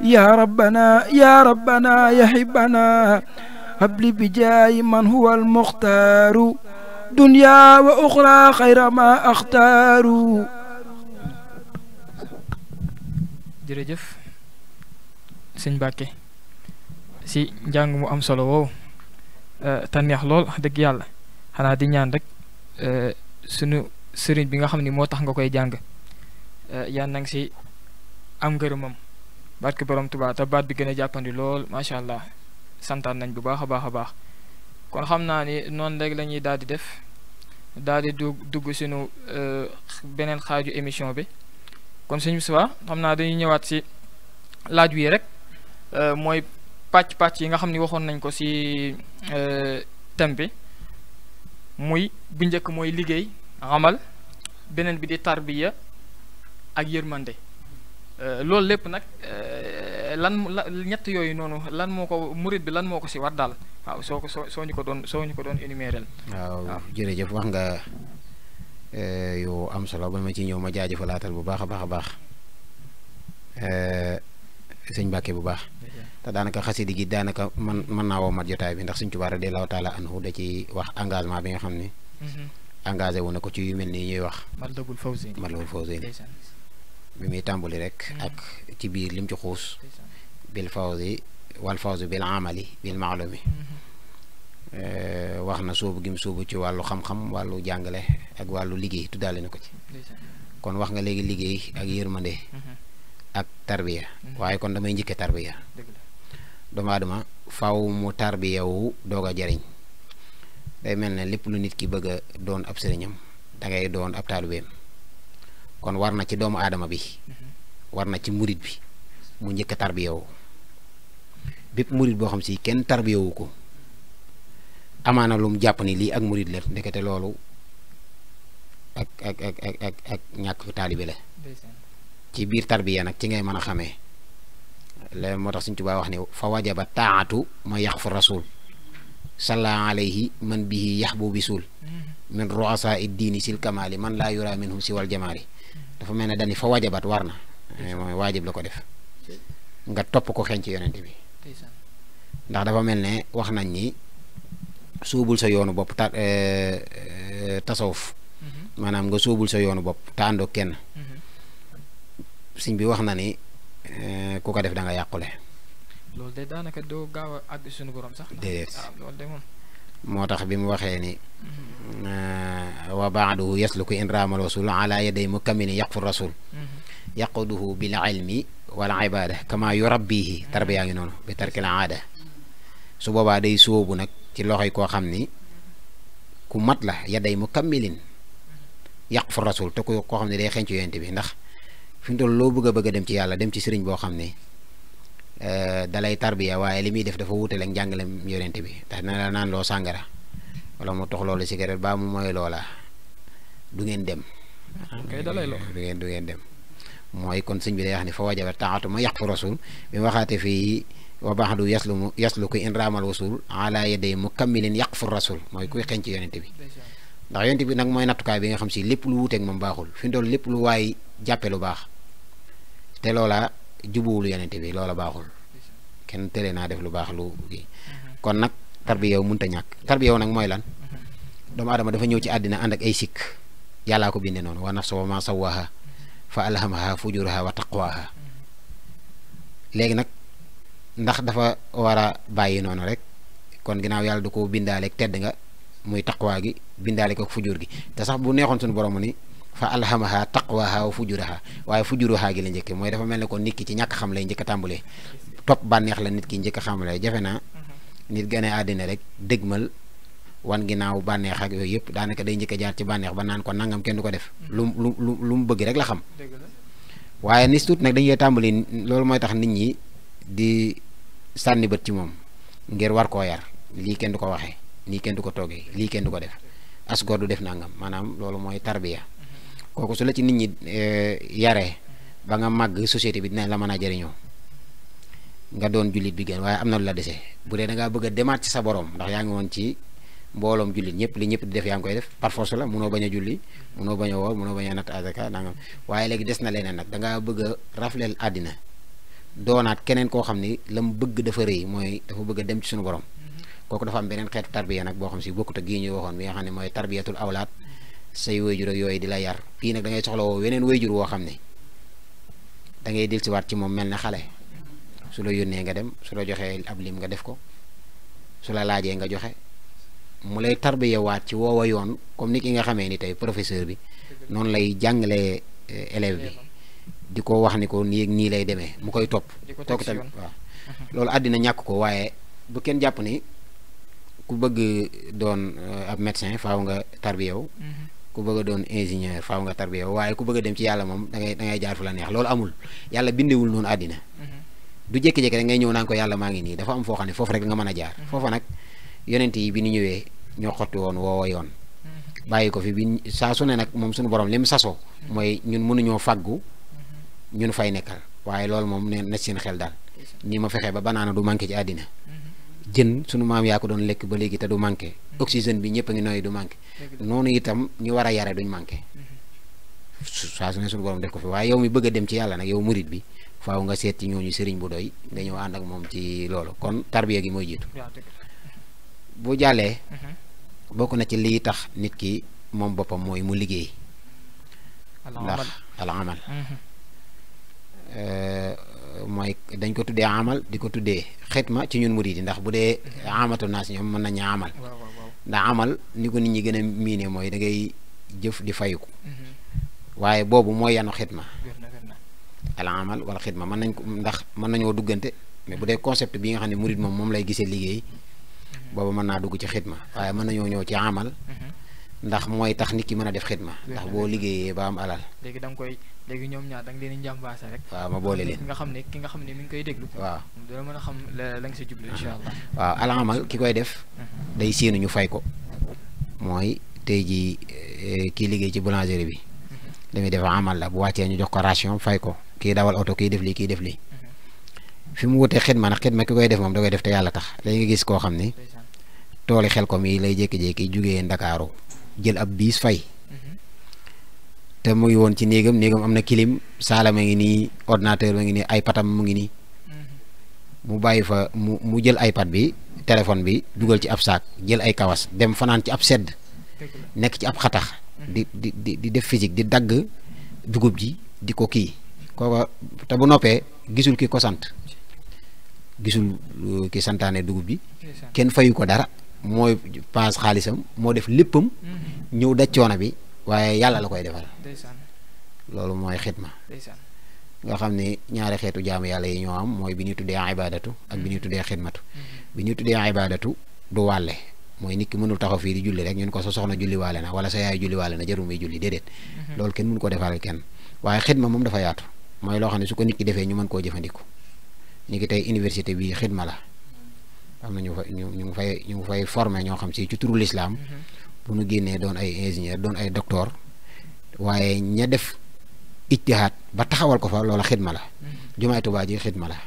يا ربنا يا ربنا يا حبنا هب لي بجاي من هو المختار دنيا وأخرى خير ما أختار jërëjëf sëñ Mbacke si njàng mu am solo woowu eh, te neex lool dëgg yàlla xanaa di ñaan rek eh, sunu sëriñ bi nga xam ni moo tax nga koy jàng eh, yal na nga si am ngërëmam barke borom Tuubaa te baat bi gën a jàppandi lool macha allah santaan nañ bu baax a baax a baax kon xam naa ni noonu rek lañuy ñuy daal di def daal di dugg dugg sunu beneen xaaju émission bi kon suñu suba xam naa dañuy ñëwaat si laaj wii rek mooy. pàcc pàcc yi nga xam ni waxoon nañ ko si euh, thème bi muy bu njëkk mooy liggéey amal beneen bi di tarbiya ak yërmande euh, loolu lépp nag euh, lan la ñett yooyu noonu lan moo ko murid bi lan moo ko ci war daal waaw soo ko soo soo ñu ko doon soo ñu ko doon énumérer waaw jërëjëf wax nga yu am solo ba ma ci ñëw ma jaajëfalaatal bu baax a baax a baax sëñ Mbàkke bu baax te daanaka xasidi gi daanaka man man naa woo mat jotaay bi ndax Sëriñ Tuubaa radiyallaahu taala anhu da ci wax engagement bi nga xam ne mhm. engagé wu na ko ci yu mel ni ñuy wax Matlabul Fawzayni Matlabul Fawzayni bi muy tàmbali rek mhm. ak ci biir lim ci xuus bil fawzi wal fawzi bil amali bil maalumi mhm. eh, wax na soobu gim soobu ci wàllu xam-xam wàllu jàngale ak wàllu liggéey tuddaale na ko ci kon wax nga léegi liggéey ak yërmande ak tarbiya waaye kon damay njëkke tarbiya doomu aadama faaw mu tarbiyewu doog a jariñ day mel ne lépp lu nit ki bëgg a doon ab sëriñam da doon ab taalibeem kon war na ci doomu aadama bi war na ci murit bi mu njëkk a tarbiyewu bépp murit boo xam si kenn tarbiyewu ko amaana lu mu jàpp ni lii ak murit la ndekete loolu ak ak ak ak ñàkk taalibe la ci biir tarbiya nag ci ngay mën a xamee leen moo tax suñ tubaa wax ne fa wajaba taatu ma yax fu rasul salla alayhi man bihi yax bu bisul mm-hmm. min roasa id diini sil kamaali man laa yura minhu si wal jamaali dafa mel ne dani fa wajabat war na mooy waajib la ko def nga topp ko xenc yonent bi ndax dafa mel ne wax nañ ni suubul sa yoonu bopp ta eh, eh, tasawuf mm-hmm. nga suubul sa yoonu bopp te àndoo kenn mm-hmm. sëñ bi wax na ni Eh, ku ko def da nga yàqule. loolu de daanaka doo gaaw a àgg suñu borom sax. déedéet ah, loolu moo tax bi mu waxee ni. Mm-hmm. Eh, wa baaduhu yasluku in raamal rasul ala yaday mukamini yaqfu rasul. Mm-hmm. yaquduhu bil ilmi wal ibada kama yurabbihi tarbiyaa ngi noonu bi tarkil aada su boobaa day sóobu nag ci loxoy koo xam ni ku mat la yaday mukammilin yaqfu rasul te ku koo xam ne day xenc yonent bi ndax. fi mu toll loo bëgg a bëgg dem ci yàlla dem ci sëriñ boo xam ne euh, dalay tarbiya waaye li muy def dafa wuutale ak njàngalem yonent bi tax na la naan sàngara wala mu tox loolu cigarette ba mu mooy loola du ngeen dem. kay dalay loo du ngeen du ngeen dem. mooy kon sëñ bi day wax ne fa wajaba taatu ma yàq fa rasul bi ma waxaate fii wa baxdu yaslumu yasluku in raamal wasul ala yaday mukammilin yàq fa rasul mooy kuy xeeñ ci yonent bi ndax yonent bi nag mooy nattukaay bi nga xam si lépp lu wuuteeg moom baaxul fi mu lépp lu waay jàppe lu baax te loola jubuwul yonente bi loola baaxul kenn tere naa def lu baax lu kii kon nag tarbiya yow mënut a ñàkk tarbiya nag mooy lan doomu aadama dafa ñëw ci àddina ànd ak ay sikk yàllaa ko bindee noonu wa nafsa wa ma sawaha fa alhamaha fujuraha wa taqwaha léegi nag ndax dafa war a bàyyi noonu rek kon ginnaaw yàlla du ko bindaaleeg tedd nga muy taqwaa gi bindaale ko fujur gi te sax bu neexoon suñu borom ni fa alhamaha taqwaha wa fujuraha waaye fujuraha gi la njëkke mooy dafa mel ne kon nit ki ci ñàkk xam lay njëkk a topp bànneex la nit ki njëkk a xamle jafe na mhm. nit gane àddina rek dëgmal wan ginnaaw bànneex ak yooyu yëpp daanaka day njëkk jaar ci bànneex ba naan ko nangam kenn du ko def mhm. lu lu lu lu mu bëgg rek la xam waaye nis tuut nag dañuy tàmbali loolu mooy tax nit ñi di sànni bët ci moom ngir war koo yar lii kenn du ko waxee nii kenn ko toogee lii kenn du ko def kooku su la ci nit ñi eh, yaree ba nga màgg société bi dinañ la mën a jëriñoo nga doon jullit bi gën waaye am na lu la dese bu dee dangaa ngaa demaat ci sa borom ndax yaa ngi woon ci mbooloom jullit ñëpp li ñëpp di def yaa ngi koy def par force la munoo bañ a julli munoo bañ a woor munoo bañ a nat azaka nangam waaye léegi des na leneen nag da ngaa bëgg a rafleel àddina doonaat keneen koo xam ni la mu bëgg dafa rëy mooy dafa bëgg a dem ci suñu borom mm-hmm. kooku dafa am beneen xeetu tarbiya nag boo xam si bokkut ak gii say wéyjur ak yooyu di la yar kii nag dangay ngay soxla woo weneen wéyjur woo xam ne da ngay dellusiwaat ci moom mel ne xale su la yónnee nga dem su la joxee ab lim nga def ko su la laajee nga joxe mu lay waat ci woowa yoon comme ni ki nga xamee ni tey professeur bi noonu lay jàngalee eh, élève bi di ko wax ni ko nii nii lay demee mu koy topp toog tamit waaw mhm. loolu àddina ñàkk ko waaye bu kenn jàpp ni ku bëgg doon eh, ab médecin faw nga tarbiyew mhm. ku bëgg a doon ingénieur faaw nga tarbiya waaye ku bëgg a dem ci yàlla moom da ngay da ngay jaar fu la neex loolu amul yàlla bindewul noonu àddina mhm. du jékki-jékki da ngay ñëw naan ko yàlla maa ngi nii dafa am foo xam ne foofu rek nga mën a jaar mhm. foofa nag yonent yi bi ñu ñëwee ñoo xotti woon woowa yoon mhm. bàyyi ko fi bi saa su ne nag moom suñu borom li mu mooy ñun mënuñoo fàggu ñun fay nekkal waaye loolu moom ne na seen xel daal ni ma fexe ba banaana jën sunu maam yaa ko doon lekk ba léegi te du manqué oxygène bi ñëpp a ngi nooyi du manqué noonu itam ñu war a yare duñ manqué mm-hmm. saa su ne sunu borom def ko fi waaye yow mi bëgg a dem ci yàlla nag yow murit bi faaw nga seet ci ñooñu sëriñ bu doy nga ñëw ànd moom ci loolu kon tarbiya gi mooy jiitu bu jàllee mm-hmm. bokk na ci lii tax nit ki moom boppam mooy mu liggéey ndax al amal mm-hmm. euh, mooy dañ ko tuddee amal di ko tuddee xitma ci ñun murid yi ndax bu dee amatu naas ñoom mën nañu amal ndax amal ni ko nit ñi gën a miine mooy dangay ngay jëf di fayiku mm-hmm. waaye boobu mooy yanu xitma al amal wala xitma mën nañ ko ndax mën nañoo duggante mais bu dee concept bi nga xam ne murid moom moom lay gisee liggéey mm-hmm. boobu mën naa dugg ci xitma waaye mën nañoo ñëw ci amal mm-hmm. ndax mooy tax nit ki mën a def xitma ndax boo liggéeyee ba am alal léegi ñoom ñaar da nga leen rek. waaw ma boole leen nga xam ne ki nga xam ne mi ngi koy déglu. waaw dina mën a xam la nga si jublu incha allah. [laughs] waaw ki koy def. Mhm. day séenu ñu fay ko. mooy tey jii eh, kii liggéey ci boulangerie bi. Mhm. li def def amal la bu wàccee ñu jox ko ration fay ko kii dawal oto kii def lii kii def lii. Mhm. fi mu wutee xidma nag xidma ki koy def moom da koy def te yàlla tax lañuy gis koo xam ni. tooli xel ko mii lay jékki-jékki jugee Ndakaaru jël ab biis fay. te mu ngi woon ci néegam néegam am na kilim saala a ngi nii ordinateur ma ngi nii ay patam mu ngi nii mm-hmm. mu bàyyi fa mu mu jël iPad bi téléphone bi dugal ci ab saak jël ay kawas dem fanaan ci ab sedd nekk ci ab xatax di mm-hmm. di di di def physique di dagg dugub ji di ko kii kooka te bu noppee gisul ki ko sant gisul uh, ki santaane dugub ji kenn fayu ko dara mooy paas xaalisam moo def léppam mm-hmm. ñëw daj coono bi waaye yàlla la koy defal loolu mooy xidma nga xam ne ñaari xeetu jaamu yàlla yi ñoo am mooy bi ñuy tuddee ibadatu ak bi ñuy mm-hmm. tuddee xidmatu mm-hmm. bi ñuy tuddee ibadatu du wàlle mooy nit ki mënul taxaw fii di julli rek ñun ko sa soxna julli waale na wala sa yaay julli waale na jarul muy julli déedéet mm-hmm. loolu kenn mënu ko defal kenn waaye xidma moom dafa yaatu mooy loo xam ne su ko nit ki defee ñu mën koo jëfandiku ñu ngi tey université bi xidma la am na ñu fa ñu ngi fay ñu ngi fay formé ñoo xam si ci turu lislaam bu nu génnee doon ay ingénieur doon ay docteur waaye ña def ijtihaad ba taxawal ko fa loola xidma la mhm. jumaay Tuubaa ji xidma la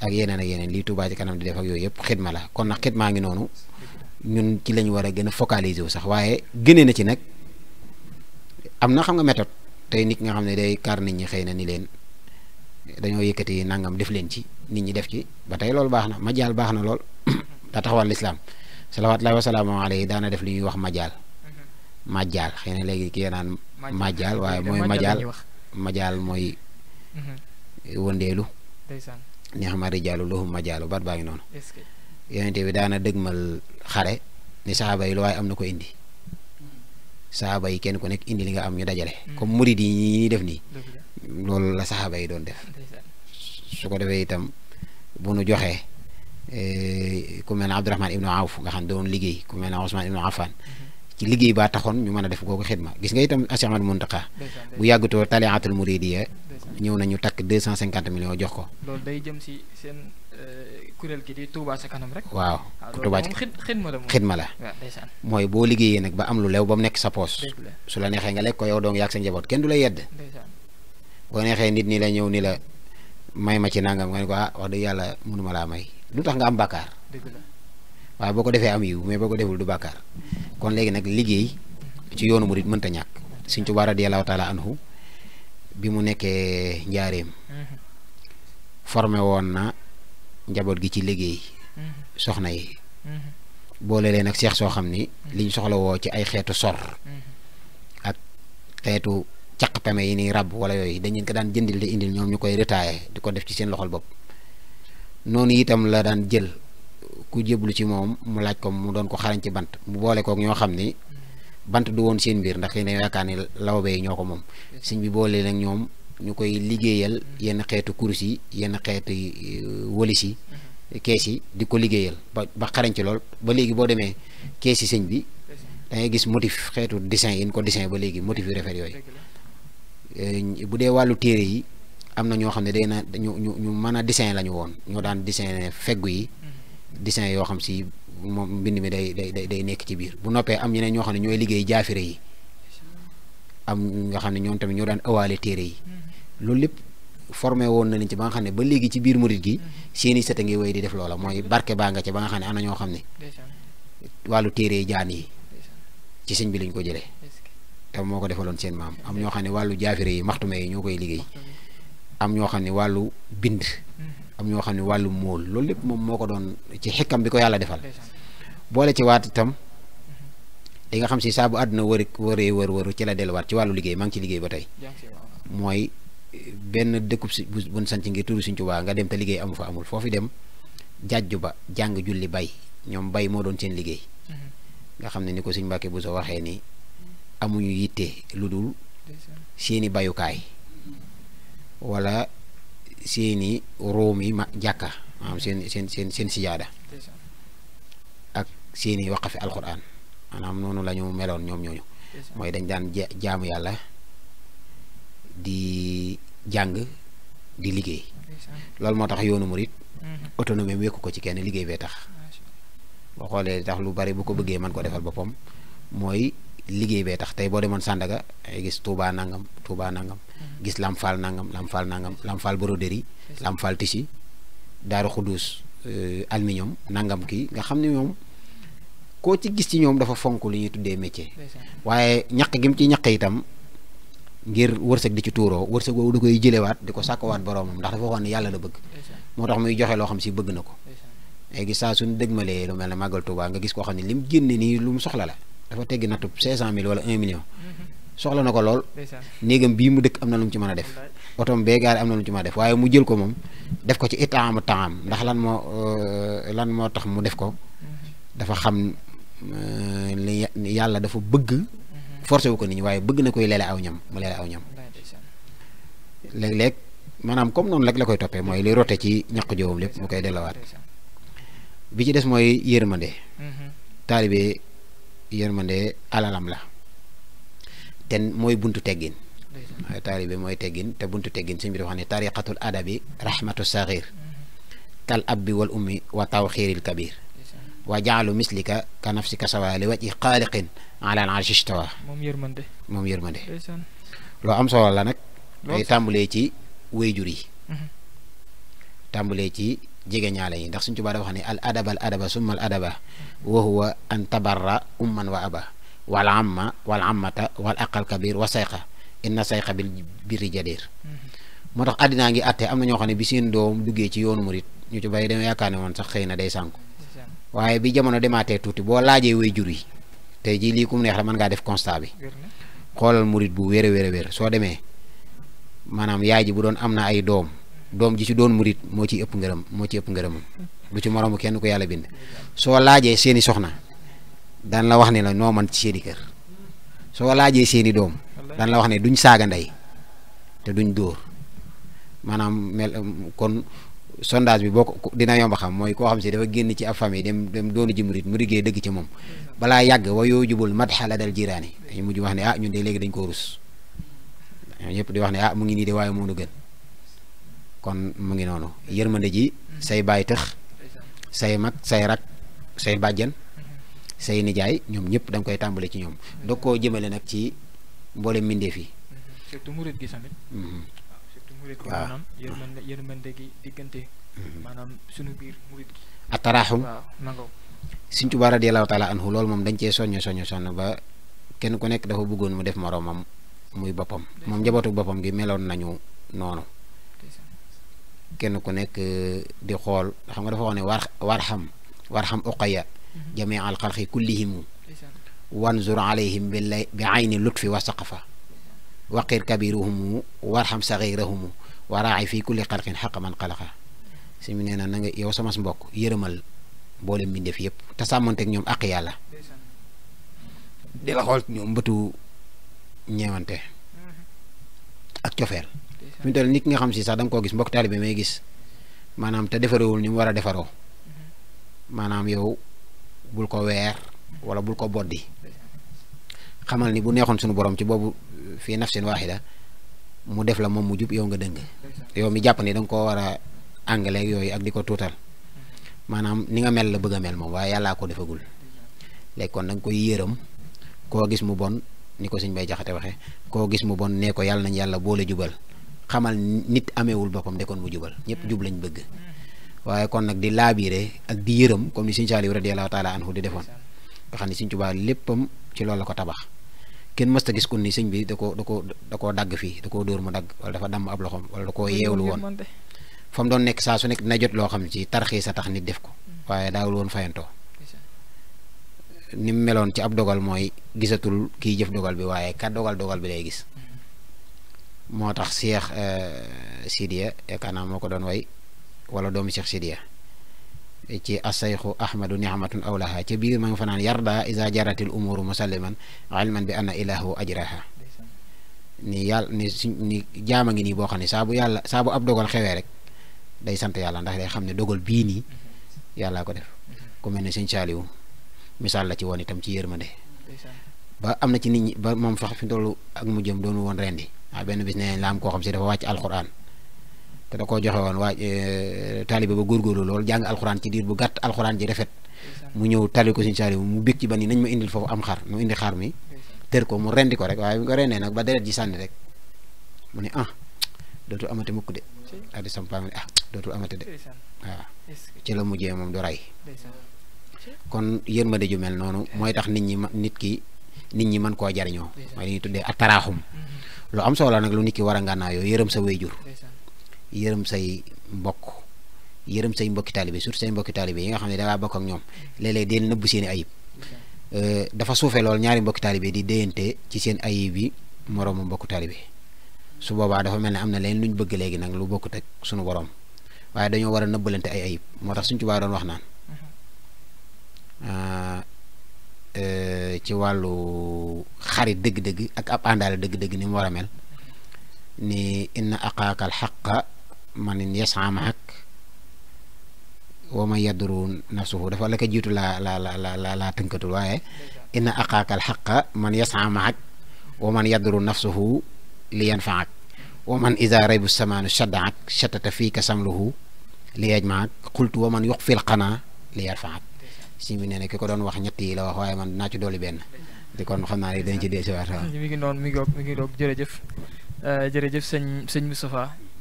ak yeneen ak yeneen lii tubaa ji kanam di def ak yooyu yëpp xidma la kon nag xidmaa ngi noonu ñun ci lañu war a gën a focaliser wu sax waaye génne na ci nag am na xam nga méthode tey nit nga xam ne day kar nit ñi xëy na ni leen dañoo yëkkati nangam def leen ci nit ñi def ci ba tey loolu baax na ma jaal baax na lool [coughs] daa taxawal lislaam salawaatullaahi wa salaamu alayhi daana def li ñuy wax majaal mhm. majaal xëy na léegi ki naan majaal waaye mooy majaal majaal mooy mhm. wëndeelu neex ma rijaalu lahum majaalu baat baa ngi noonu yonente bi daana dëgmal xare ni saxaaba yi lu waaye am na ko indi saxaaba yi kenn ku nekk indi li nga am ñu dajale mhm. comme murid yi ñi def nii loolu la saxaaba yi doon def su ko defee itam bu nu joxee Eh, ku mel ne Abdourahman ibnu Awf nga xam doon liggéey ku mel ne Ousmane ibnu Affan ci liggéey baa taxoon ñu man a def ko xidma gis nga itam Cheikh Ahmadou Mountakha bu yàggatoo taliatul muridiya ñëw cent cinquante millions jox ko. loolu day jëm si seen eh, kuréel gi di Touba sa kanam rek. waaw ah, Touba xidma la mooy boo liggéeyee nag ba am lu lew ba mu nekk sa poos su la neexee nga lekk ko yow dong yàgg sa njaboot kenn du la yedd boo neexee nit ñi la ñëw ni la may ma ci nangam nga ne ko ah wax dëgg yàlla mënuma laa may du tax nga am bàkkaar waaw boo ko defee am yiw mais boo ko deful du bàkkaar kon léegi nag liggéey ci yoonu murit mënta ñàkk Sëñ Tuubaa radiyallaahu taala anhu bi mu nekkee njaareem mm-hmm. formé woon na njaboot gi ci liggéey mm-hmm. soxna yi mm-hmm. boole leen ak seex soo xam ni liñ soxla woo ci ay xeetu sor ak xeetu caq peme yi ni rab wala yooyu dañ leen ko daan jëndil di indil ñoom ñu koy retaaye di ko def ci seen loxol bopp noonu itam la daan jël ku jëblu ci moom mu laaj ko mu doon ko xarañ ci bant mu boole kook ñoo xam ni bant du woon seen mbir ndax xëy na yaakaar ni yi ñoo ko moom sëñ bi boole nag ñoom ñu koy liggéeyal yenn xeetu kurus yi yenn xeetu euh, wëlis yi kees yi di ko liggéeyal ba xarañ ci lool ba léegi boo demee kees yi sëñ bi da gis motif xeetu dessin yi ñu ko dessin ba léegi motif yu rafet yooyu euh, bu dee wàllu téere yi am na ñoo xam ne day na ñu ñu ñu mën a dessin la ñu woon ñoo daan dessin feggu yi mhm. dessin yoo xam si moom mbind mi day day day nekk ci biir bu noppee am ñeneen ñoo xam ne ñooy liggéey jaafire yi am nga ne ñoom tamit ñoo daan awaale téere yi mhm. loolu lépp formé woon na leen ci ba nga xam ne ba léegi ci biir murit gi mhm. seeni sa a ngi wéy di def loola mooy barke baa nga ci ba nga xam ne am na ñoo xam ne wàllu téere jaan yi ci sëñ bi lañ ko jëlee te moo ko defaloon seen maam am ñoo xam ne wàllu jaafire yi maxtume yi ñoo koy am ñoo xam ne wàllu bind am ñoo xam ne wàllu móol loolu lépp moom moo ko doon ci xekkam bi ko yàlla defal boole ci waat itam li nga xam si saabu bu àdduna wër wëree wër wër ci la delluwaat ci wàllu liggéey maa ngi ci liggéey ba tey mooy benn dëkkub si buñ sanc ngir turu Sëriñ Tuubaa nga dem te liggéey amu fa amul foofu dem jàjju ba jàng julli bay ñoom bay moo doon seen liggéey nga xam ne ni ko Sëriñ Mbàkke bu soo waxee ni amuñu yitte lu dul seeni bayukaay wala seeni róom yi ma jàkka maanaam seen seen seen seen sijaada ak seeni waqafi alquran maanaam noonu la ñu meloon ñoom ñooñu mooy dañ daan jaamu yàlla di jàng di liggéey loolu moo tax yoonu murit autonomie mi ko ci kenn liggéey bee tax boo xoolee tax lu bari bu ko bëggee man ko defal boppam mooy liggéey bee tax tey boo demoon Sandaga gis Touba nangam Touba nangam mm. gis Lamfal nangam Lamfal nangam Lamfal broderie Lamfal tissu Daaru Xudduus euh, aluminium nangam ki nga xam ne ñoom ko ci gis ci ñoom dafa fonk lu ñuy tuddee métier waaye ñaq gi mu ci ñaq itam ngir wërsëg di ci tuuroo wërsëg woowu da koy jëlewaat di ko sàkkuwaat boroomam ndax dafa waxoon ne yàlla la bëgg moo tax muy joxe loo xam si bëgg na ko léegi saa suñu dëgmalee lu mel ne màggal Touba nga gis lu mu dafa teggi nattu 500000 wala 1 million. Mm-hmm. soxla na ko lool. néegam bii mu dëkk am na lu ci man a def. otom bee gaari am na lu ci mën a def waaye mu jël ko moom def ko ci itaam taam ndax lan moo euh, lan moo tax mu def ko. Mm-hmm. dafa xam li euh, yàlla dafa bëgg. Mm-hmm. forcé wu ko nit ñi waaye bëgg na koy leele aw ñam mu leele aw ñam. léeg-léeg maanaam comme noonu rek la koy toppee mooy li rote ci ñaq joowam lépp mu koy dellowaat bi ci des mooy yërmande. taalibe yërmande alalam la te mooy buntu teggin waaye taalibe mooy teggin te buntu teggin suñ bi dafa wax ne tariqatul adabi rahmatu saxir mm-hmm. kal abbi wal ummi wa tawxiiril kabir wa jaalu mislika ka nafsika sawa li waji xaaliqin ala al arshi istawa moom yërmande moom yërmande loo am solo la nag day tàmbalee ci wéyjur yi mm-hmm. tàmbalee ci jege ñaale yi ndax suñ Tuubaa dafa wax ne adaba summa adaba wa huwa an tabarra umman wa aba wal amma wal ammata wal aqal kabir wa sayqa inna sayqa bil birri jadir mhm. moo tax àddinaa ngi àtte am na ñoo xam ne bi seen doom duggee ci yoonu murit ñu ci bari dama yaakaar woon sax xëy na day sànku waaye bi jamono demaatee tuuti boo laajee way jur yi tey jii lii ku mu neex la mën ngaa def constat bi xoolal murit bu wér a wér soo demee maanaam yaay ji bu doon am na ay doom doom ji ci doon murit moo ci ëpp ngërëm moo ci ëpp ngërëmam mhm. du ci moroomu kenn ko yàlla bind soo laajee seeni soxna daan la wax ne la noo man ci seeni kër soo laajee seeni doom daan la wax ne duñ saaga ndey te duñ dóor maanaam mel kon sondage bi boo ko dina yomb xam mooy koo xam si dafa génn ci ab famille dem dem doonu ji murit mu riggee dëgg ci moom balaa yàgg wa yoo jubul mat xala dal jiraani dañu mujj wax ne ah ñun de léegi dañ koo rus ñëpp di wax ne ah mu ngi nii de waaye moo gën kon mu ngi noonu yërmande ji say baay tëx say mag say rak say bàjjan say nijaay ñoom ñëpp da koy tàmbale ci ñoom doog koo jëmale nag ci mboole mbindeef yi. Mhm. surtout murid gi tamit. Mhm. Ah, waaw surtout murid gi maanaam yërmande mhm. yërmande gi Sëñ Tuubaa radiyallaahu taala anhu loolu moom dañ cee soñño soñño sonn ba kenn ku nekk dafa bëggoon mu def moroomam muy boppam moom njabootu boppam gi meloon nañu noonu. kenn ku nekk eh, di xool xam nga dafa wax ne war warxam warxam uqaya jamii al xalqi kullihimu wanzur alayhim bi ayni lutfi wa saqafa waqir kabiruhumu warham saxiirahumu waraaci fi kulli xalqin xaqa man xalaqa si mu nee yow sama mbokk yërëmal boole mbindeef yëpp te sàmmanteeg ñoom àq yàlla di la xool ñoom ñeewante ak cofeel fi mu toll ki nga xam si sax da koo gis mbokk taalibe may gis maanaam te defarewul ni mu war a defaroo maanaam yow bul ko weer wala bul ko boddi xamal ni bu neexoon suñu borom ci boobu euh, fii nafsin waaxida mu def la moom mu jub yow nga dëng yow mi jàpp ni danga nga koo war a àngale yooyu ak di ko tuutal maanaam ni nga mel la bëgg a mel moom waaye yàllaa ko defagul léegi kon da koy yéeram koo gis mu bon ni ko suñ bay jaxate waxe koo gis mu bon ne ko yàlla nañ yàlla boole jubal xamal nit ameewul boppam de kon mu jubal ñëpp jub lañ bëgg waaye kon nag di laabiire ak di yërëm comme ni Sëñ Saaliw radiyallaahu taala anhu di defoon nga xam ne Sëñ Tuubaa léppam ci lool la ko tabax kenn mës ta gis kun ni sëñ bi da ko da ko da koo dagg fii da koo dóor mu dagg wala dafa damm ab loxoom wala da koo yeewlu woon fa mu doon nekk saa su nekk dina jot loo xam ne ci tarxii sa tax nit def ko waaye daawul woon fayantoo ni mu meloon ci ab dogal mooy gisatul kiy jëf dogal bi waaye ka dogal dogal bi lay gis moo tax euh, Seex naa moo ko doon way wala doomu Cheikh Sidiya ci asayxu ahmadu nicmatun awlaha ca biir ma nga fa naan yarda isa jaratil umuru musalliman ilman bi anna ilahu ajraha ni yàlla ni suñ ni jaama ngi nii boo xam ne saabu yàlla saabu ab dogal xewee rek day sant yàlla ndax day xam ne dogal bii nii yàllaa ko def ku mel ne sëñ Saaliwu misaal la ci woon itam ci yërmande ba am na ci nit ñi ba moom fax fi tollu ak mujjam doonu woon rendi waaw benn bis nee laam koo xam si dafa wàcc te da koo joxe woon waa eh, taalibe ba góorgóorlu lool jàng alxuraan ci diir bu gàtt alxuraan ji rafet mu ñëw tali ko Sëñ Saaliw mu bég ci ba ni nañ ma indil foofu am xar mu indi xar mi tër ko mu rendi ko rek waaye bu ko rendee nag ba deret ji sànni rek mu ne ah dootu amate mukk de daal di sampaam ah dootu amate de waaw ci la mujjee moom du rey kon ma ju mel noonu mooy tax nit ñi ma nit ki nit ñi mën koo jariñoo mooy li ñuy tuddee a taraaxum mm-hmm. lu am solo nag lu nit ki war a ngànnaayoo yërëm sa yërëm say mbokk yërëm say mbokki taalibe surtout say mbokki taalibe yi nga xam ne dangaa bokk ak ñoom léeg-léeg dee nëbb seen i ayib euh, dafa suufe lool ñaari mbokki taalibe di déyante ci seen ayib yi moroomu mbokku taalibe su boobaa dafa mel ni am na leen luñ bëgg léegi nag lu bokkut ak suñu borom waaye dañoo war a nëbbalante ay ayib suñ Tuubaa doon wax naan euh, euh, ci wàllu xarit war a mel man yas'a ma'ak wa man yadru nafsuhu dafa la ko jiitu la la la la laa tënkatul waaye inna aqaaka al man yas'a ma'ak wa man yadru nafsuhu li yanfa'ak wa man ida raybu samaanu shaddaak shattata fiika samluhu li yajmaak xultu wa man yuqfil xanaa li yarfaak si bi nee ki ko doon wax ñett la wax waaye man naa ci dolli benn kon xam naa ne dañ ci dee si waat mi ngi ngi doog jërëjëf euh, jërëjëf sëñ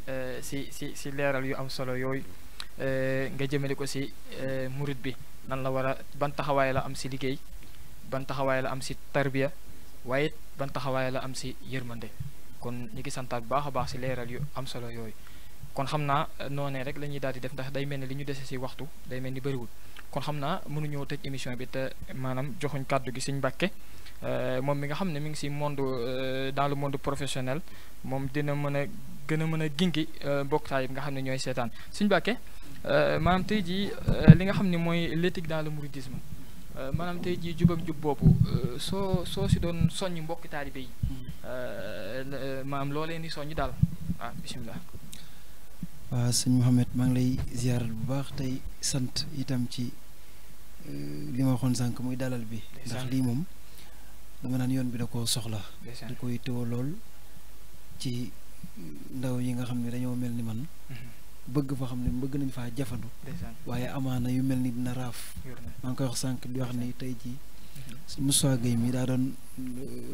Euh, si si si leeral yu am solo yooyu euh, nga jëmale ko si euh, murit bi nan la war a ban taxawaay la am si liggéey ban taxawaay la am si tarbiya waaye ban taxawaaye la am si yërmande kon ñu ngi santaat bu baax a baax si leeral yu am solo yooyu kon xam naa noonee rek lañuy daal di def ndax day mel ni li ñu dese si waxtu day mel ni bëriwul kon xam naa mënuñoo tëj émission bi te maanaam joxuñ kàddu gi suñ mbàkke Euh, moom mi nga xam ne mi ngi si monde euh, dans le monde professionnel moom dina mën a gën a mën a gingi euh, mbokkaay yi nga xam ne ñooy seetaan suñu bàkkee maanaam tey jii li nga xam ne mooy l'éthique dans le mouridisme maanaam tey jii jub jub boobu soo soo si doon soññ mbokki taalibe yi hmm. maanaam loo daal ah bisimilah. waaw ah, sëñ Mouhamed maa ngi lay ziar bu baax tey sant itam ci li ma waxoon sànq muy dalal bi. ndax lii moom. dama naan yoon bi da koo soxla. da koy tëwa lool ci ndaw yi nga xam ne dañoo mel ni man. Mm-hmm. bëgg foo xam ne bëgg nañ faa jafandu. waaye amaana yu mel ni dina raaf. maa koy wax sànq di wax ni tey jii. Mm-hmm. Moussa Gueye mi daa doon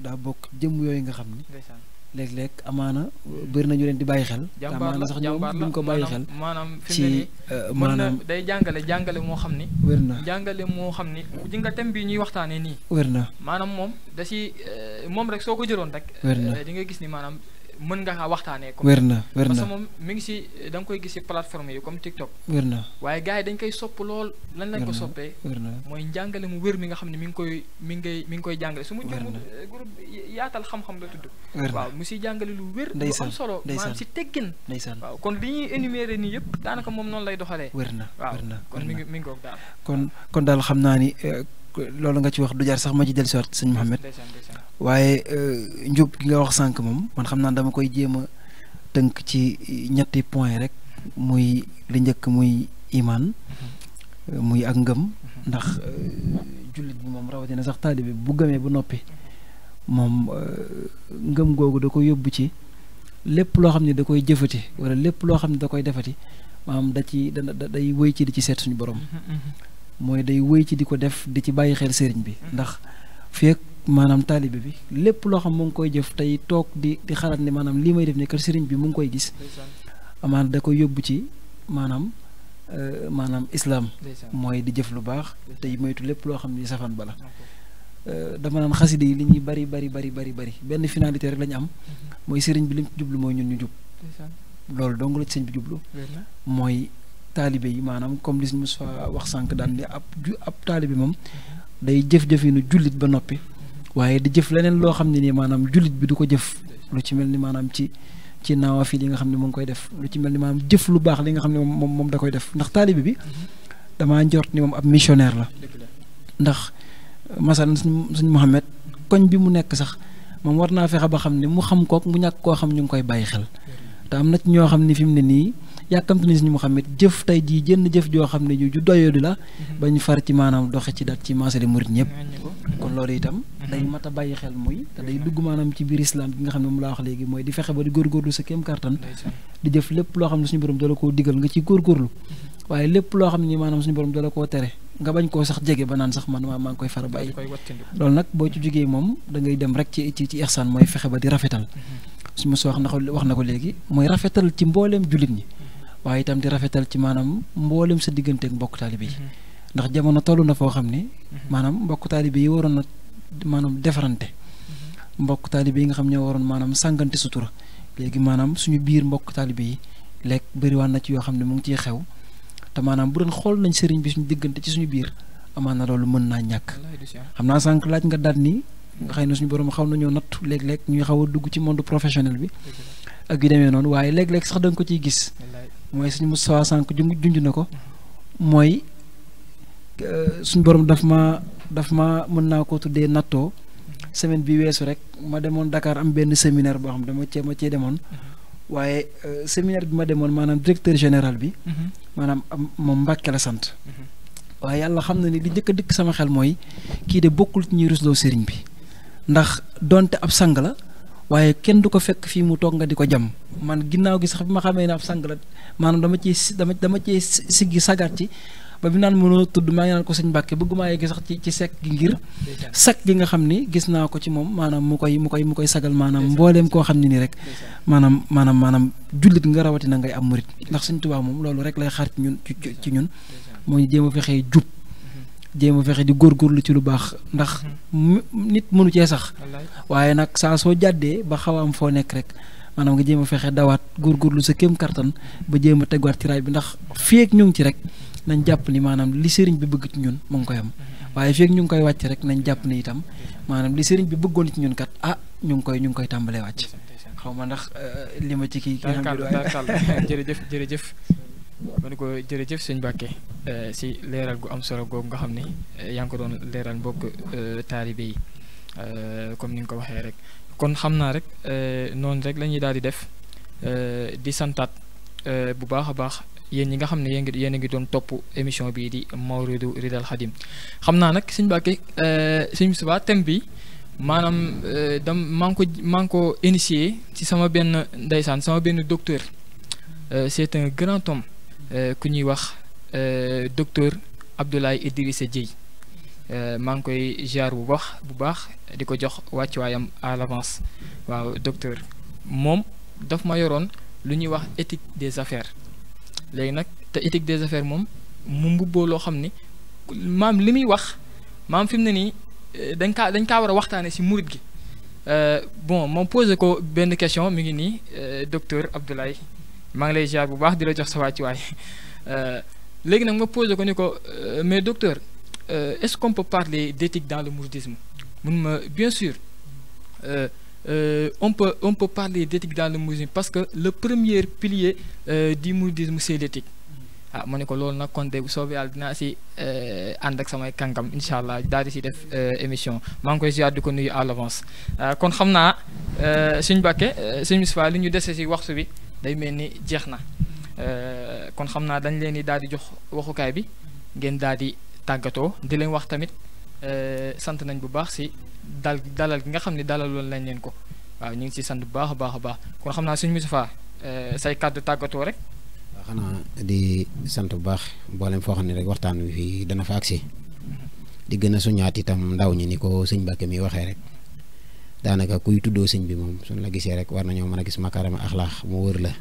daa bokk jëm yooyu nga xam ni. léeg-léeg amaana bëri nañu leen di bàyyi xel. jàmbaar la sax ñoom duñ ko bàyyi xel. maanaam ci euh, maanaam day jàngale jàngale moo xam ni. wér na jàngale moo xam ni. ji nga thème bi ñuy waxtaanee nii. wér na maanaam moom da si euh, moom rek soo ko jëloon rek. wér na euh, di gis ni maanaam mën nga kaa waxtaanee. wér na wér na parce que moom mi ngi si da nga koy gis si plateforme yi comme TikTok. wér na waaye gars yi dañ koy sopp lool. lan lañ ko soppee. mooy njàngale mu wér mi nga xam ne mi ngi koy mi ngi mi ngi koy jàngale. su ma jëloon eh, groupe yaatal xam-xam la tudd. waaw mu si jàngale lu wér. lu am solo maanaam si teggin. waaw kon li ñuy énuméré nii yëpp daanaka moom noonu lay doxalee. wér na na kon mi ngi mi ngi koog daal. kon kon daal xam naa ni eh, loolu nga ci wax du jaar sax ma ci dellusiwaat sëñ Mouhamed waaye euh, njub ki nga wax sànq moom man xam naa dama koy jéema tënk ci ñetti point rek muy li njëkk muy imaan mhm. muy ak ngëm mhm. ndax euh, jullit bi moom rawatina sax taalibe bu gëmee bu noppi moom euh, ngëm googu da ko yóbbu ci lépp loo xam ne da koy jëfati wala lépp loo xam ne da koy defati maanaam da ci da day wéy ci di ci seet suñu borom mhm, mooy day wéy ci di ko def di ci bàyyi xel sëriñ bi mm-hmm. ndax feek maanaam taalibe bi lépp loo xam mu ngi koy jëf tey toog di xalaat ne maanaam lii may def ne kër sëriñ bi mu ngi koy gis amaana da ko yóbbu ci maanaam euh, maanaam islam mooy di jëf lu baax tey moytu lépp loo xam ni safaan bala euh, dama naan xasida yi li ñuy bari bari bari bari bari benn finalité rek la ñu am mm-hmm. mooy sëriñ bi li ñu jublu mooy ñun ñu jub loolu dong la ci sëriñ bi jublu mooy taalibe yi maanaam comme li Moussa wax sànq daan di ab ju ab taalibe moom day jëf-jëfinu jullit ba noppi waaye di jëf leneen loo xam ne nii maanaam jullit bi du ko jëf lu ci mel ni maanaam ci ci fii yi nga xam ne mu ngi koy def lu ci mel ni maanaam jëf lu baax li nga xam ne moom moom da koy def ndax taalibe bi damaa njort ni moom ab missionnaire la ndax masalan suñ suñ Muhammad koñ bi mu nekk sax moom war naa fexe ba xam ne mu xam kook mu ñàkk koo xam ñu ngi koy bàyyi xel te am na ci ñoo xam ne fi ne nii yàkkamti na si ñu Muhammad jëf tey jii jënn jëf joo xam ne ju ju doyodi la mhm. ba ñu far ci maanaam doxe ci dat ci maasale murit ñëpp kon loolu itam mhm. day mat a bàyyi xel muy mhm. dugg maanaam ci biir islam bi nga xam ne moom laa wax ba di góorgóorlu sa kéem kàttan di jëf lépp ba boo moom da ngay dem ba di rafetal su ma soo wax na léegi mooy rafetal ci mbooleem jullit ñi waaye itam di rafetal ci maanaam mboolem sa diggante ak mbokk taalibe yi mm-hmm. ndax jamono toll na foo xam ne mm-hmm. maanaam mbokk taalibe yi waroon na maanaam defarante mm-hmm. mbokk taalibe yi nga xam ne waroon maanaam sàngante sutura léegi maanaam suñu biir mbokk taalibe yi lekk bëriwaan na ci yoo xam ne mu ngi ciy xew te maanaam bu doon xool nañ sëriñ bi suñu diggante ci suñu biir amaan na loolu mën naa ñàkk xam naa sànq laaj nga daat ni xëy na suñu borom xaw nañoo natt léeg-léeg ñuy xaw a dugg ci monde professionnel bi ak yu mooy suñu Moustapha Sànq junj na ko mooy euh, suñu borom daf ma daf ma mën naa ko tuddee nattoo semaine bi weesu rek ma demoon Dakar am benn séminaire boo xam dama cee ma cee demoon waaye euh, séminaire bi ma demoon maanaam directeur général bi mhm. maanaam moom Mbàkke la sant mhm. waaye yàlla xam na ni li njëkk dëkk sama xel mooy kii de bokkul ci ñuy rusloo sëriñ bi ndax donte ab sang la waaye kenn du ko fekk fii mu toog nga di ko jam man ginnaaw gi sax bi ma xamee ne ab sang la maanaam dama ci si dama dama cee siggi sagar ci ba bi naan mënoo tudd maa ko sëñ Mbàkke bëgguma yegg sax ci ci sekk gi ngir sekk gi nga xam ni gis naa ko ci moom maanaam mu koy mu koy mu koy sagal maanaam mbooleem koo xam ne nii rek maanaam maanaam maanaam jullit nga rawatina ngay am murit ndax sëñ Tuubaa moom loolu rek lay xaar ci ñun ci ñun mooy jéem a fexee jub jéem a fexe di góorgóorlu ci lu baax ndax mhm. nit mënu cee sax waaye nag saa soo jàddee ba xaw a am foo nekk rek maanaam nga jéem a fexe dawaat góorgóorlu sa kéem kartan ba jéem a tegwaat ci raay bi ndax fii ak ñu ci rek nañ jàpp ni maanaam li sëriñ bi bëgg ci ñun mu ngi koy am mhm. waaye fii ak koy wàcc rek nañ jàpp ni itam maanaam li sëriñ bi bëggoon ci ñun kat ah ñu ngi koy ñu ngi koy tàmbalee wàcc xaw ma ndax euh, li ma ci kii. [laughs] jërëjëf jërëjëf ma ne ko jërëjëf suñ Mbàkke euh, si leeral gu am solo googu nga xam ne euh, yaa ngi ko doon leeral mbokk euh, taalibe yi comme ni nga ko waxee rek kon xam naa rek noonu rek lañuy ñuy daal di def di santaat bu baax a baax yéen yi nga xam ne yéen ngi yéen a ngi doon topp émission bii di Mawridu Ridal Xadim xam naa nag suñ sëñ Mbàkke sëñ subaa thème bi maanaam dam maa ngi ko maa ko initié ci sama benn ndeysaan sama benn docteur c'est un grand homme Euh, ku ñuy wax euh, docteur Abdoulaye Idrissa Dieye euh, maa ngi koy ziar bu baax bu baax di ko jox wàccuwaayam à l'avance waaw docteur moom dafa ma yoroon lu ñuy wax éthique des affaires léegi nag te éthique des affaires moom mu mbubboo loo xam ni maam li muy wax maam fi mu ne nii dañ kaa dañ kaa war a waxtaane si murit gi bon moom posé ko benn question mi ngi nii docteur Abdoulaye maa ngi lay ziar bu baax di la jox sa wàccuwaay euh, léegi nag ma posé ko ni ko euh, mais docteur euh, est-ce qu'on peut parler d'éthique dans le mouridisme mun ma bien sûr on peut on peut parler d'éthique dans le mouridisme parce que le premier pilier du mouridisme c'est l'éthique ah ma ne ko loolu nag kon de bu soobee yàlla dinaa si ànd ak samay kàngam incha allah daal di si def émission maa ngi koy ziar di ko nuyu à l'avance kon xam naa suñu bàkke suñu misfaa li ñu dese si waxtu bi. day mel ni jeex na euh, kon xam naa dañ leen di daal di jox waxukaay bi ngeen daal di tàggatoo di leen wax tamit euh, sant nañ bu baax si dal dalal gi nga xam ne dalaloon lañ leen ko waaw ñu ngi si sant bu baax a baax a baax kon xam naa suñ suñu Moustapha euh, say kàddu tàggatoo rek. xanaa di sant bu baax mboolem foo xam ne rek waxtaan wi fii dana fa agsi mm-hmm. di gën a suñaat itam ndaw ñi ni ko sëñ Mbacke mi waxee rek. daanaka kuy tuddoo sëñ bi moom suñ la gisee rek war nañoo mën a gis makarama axlaax mu wër la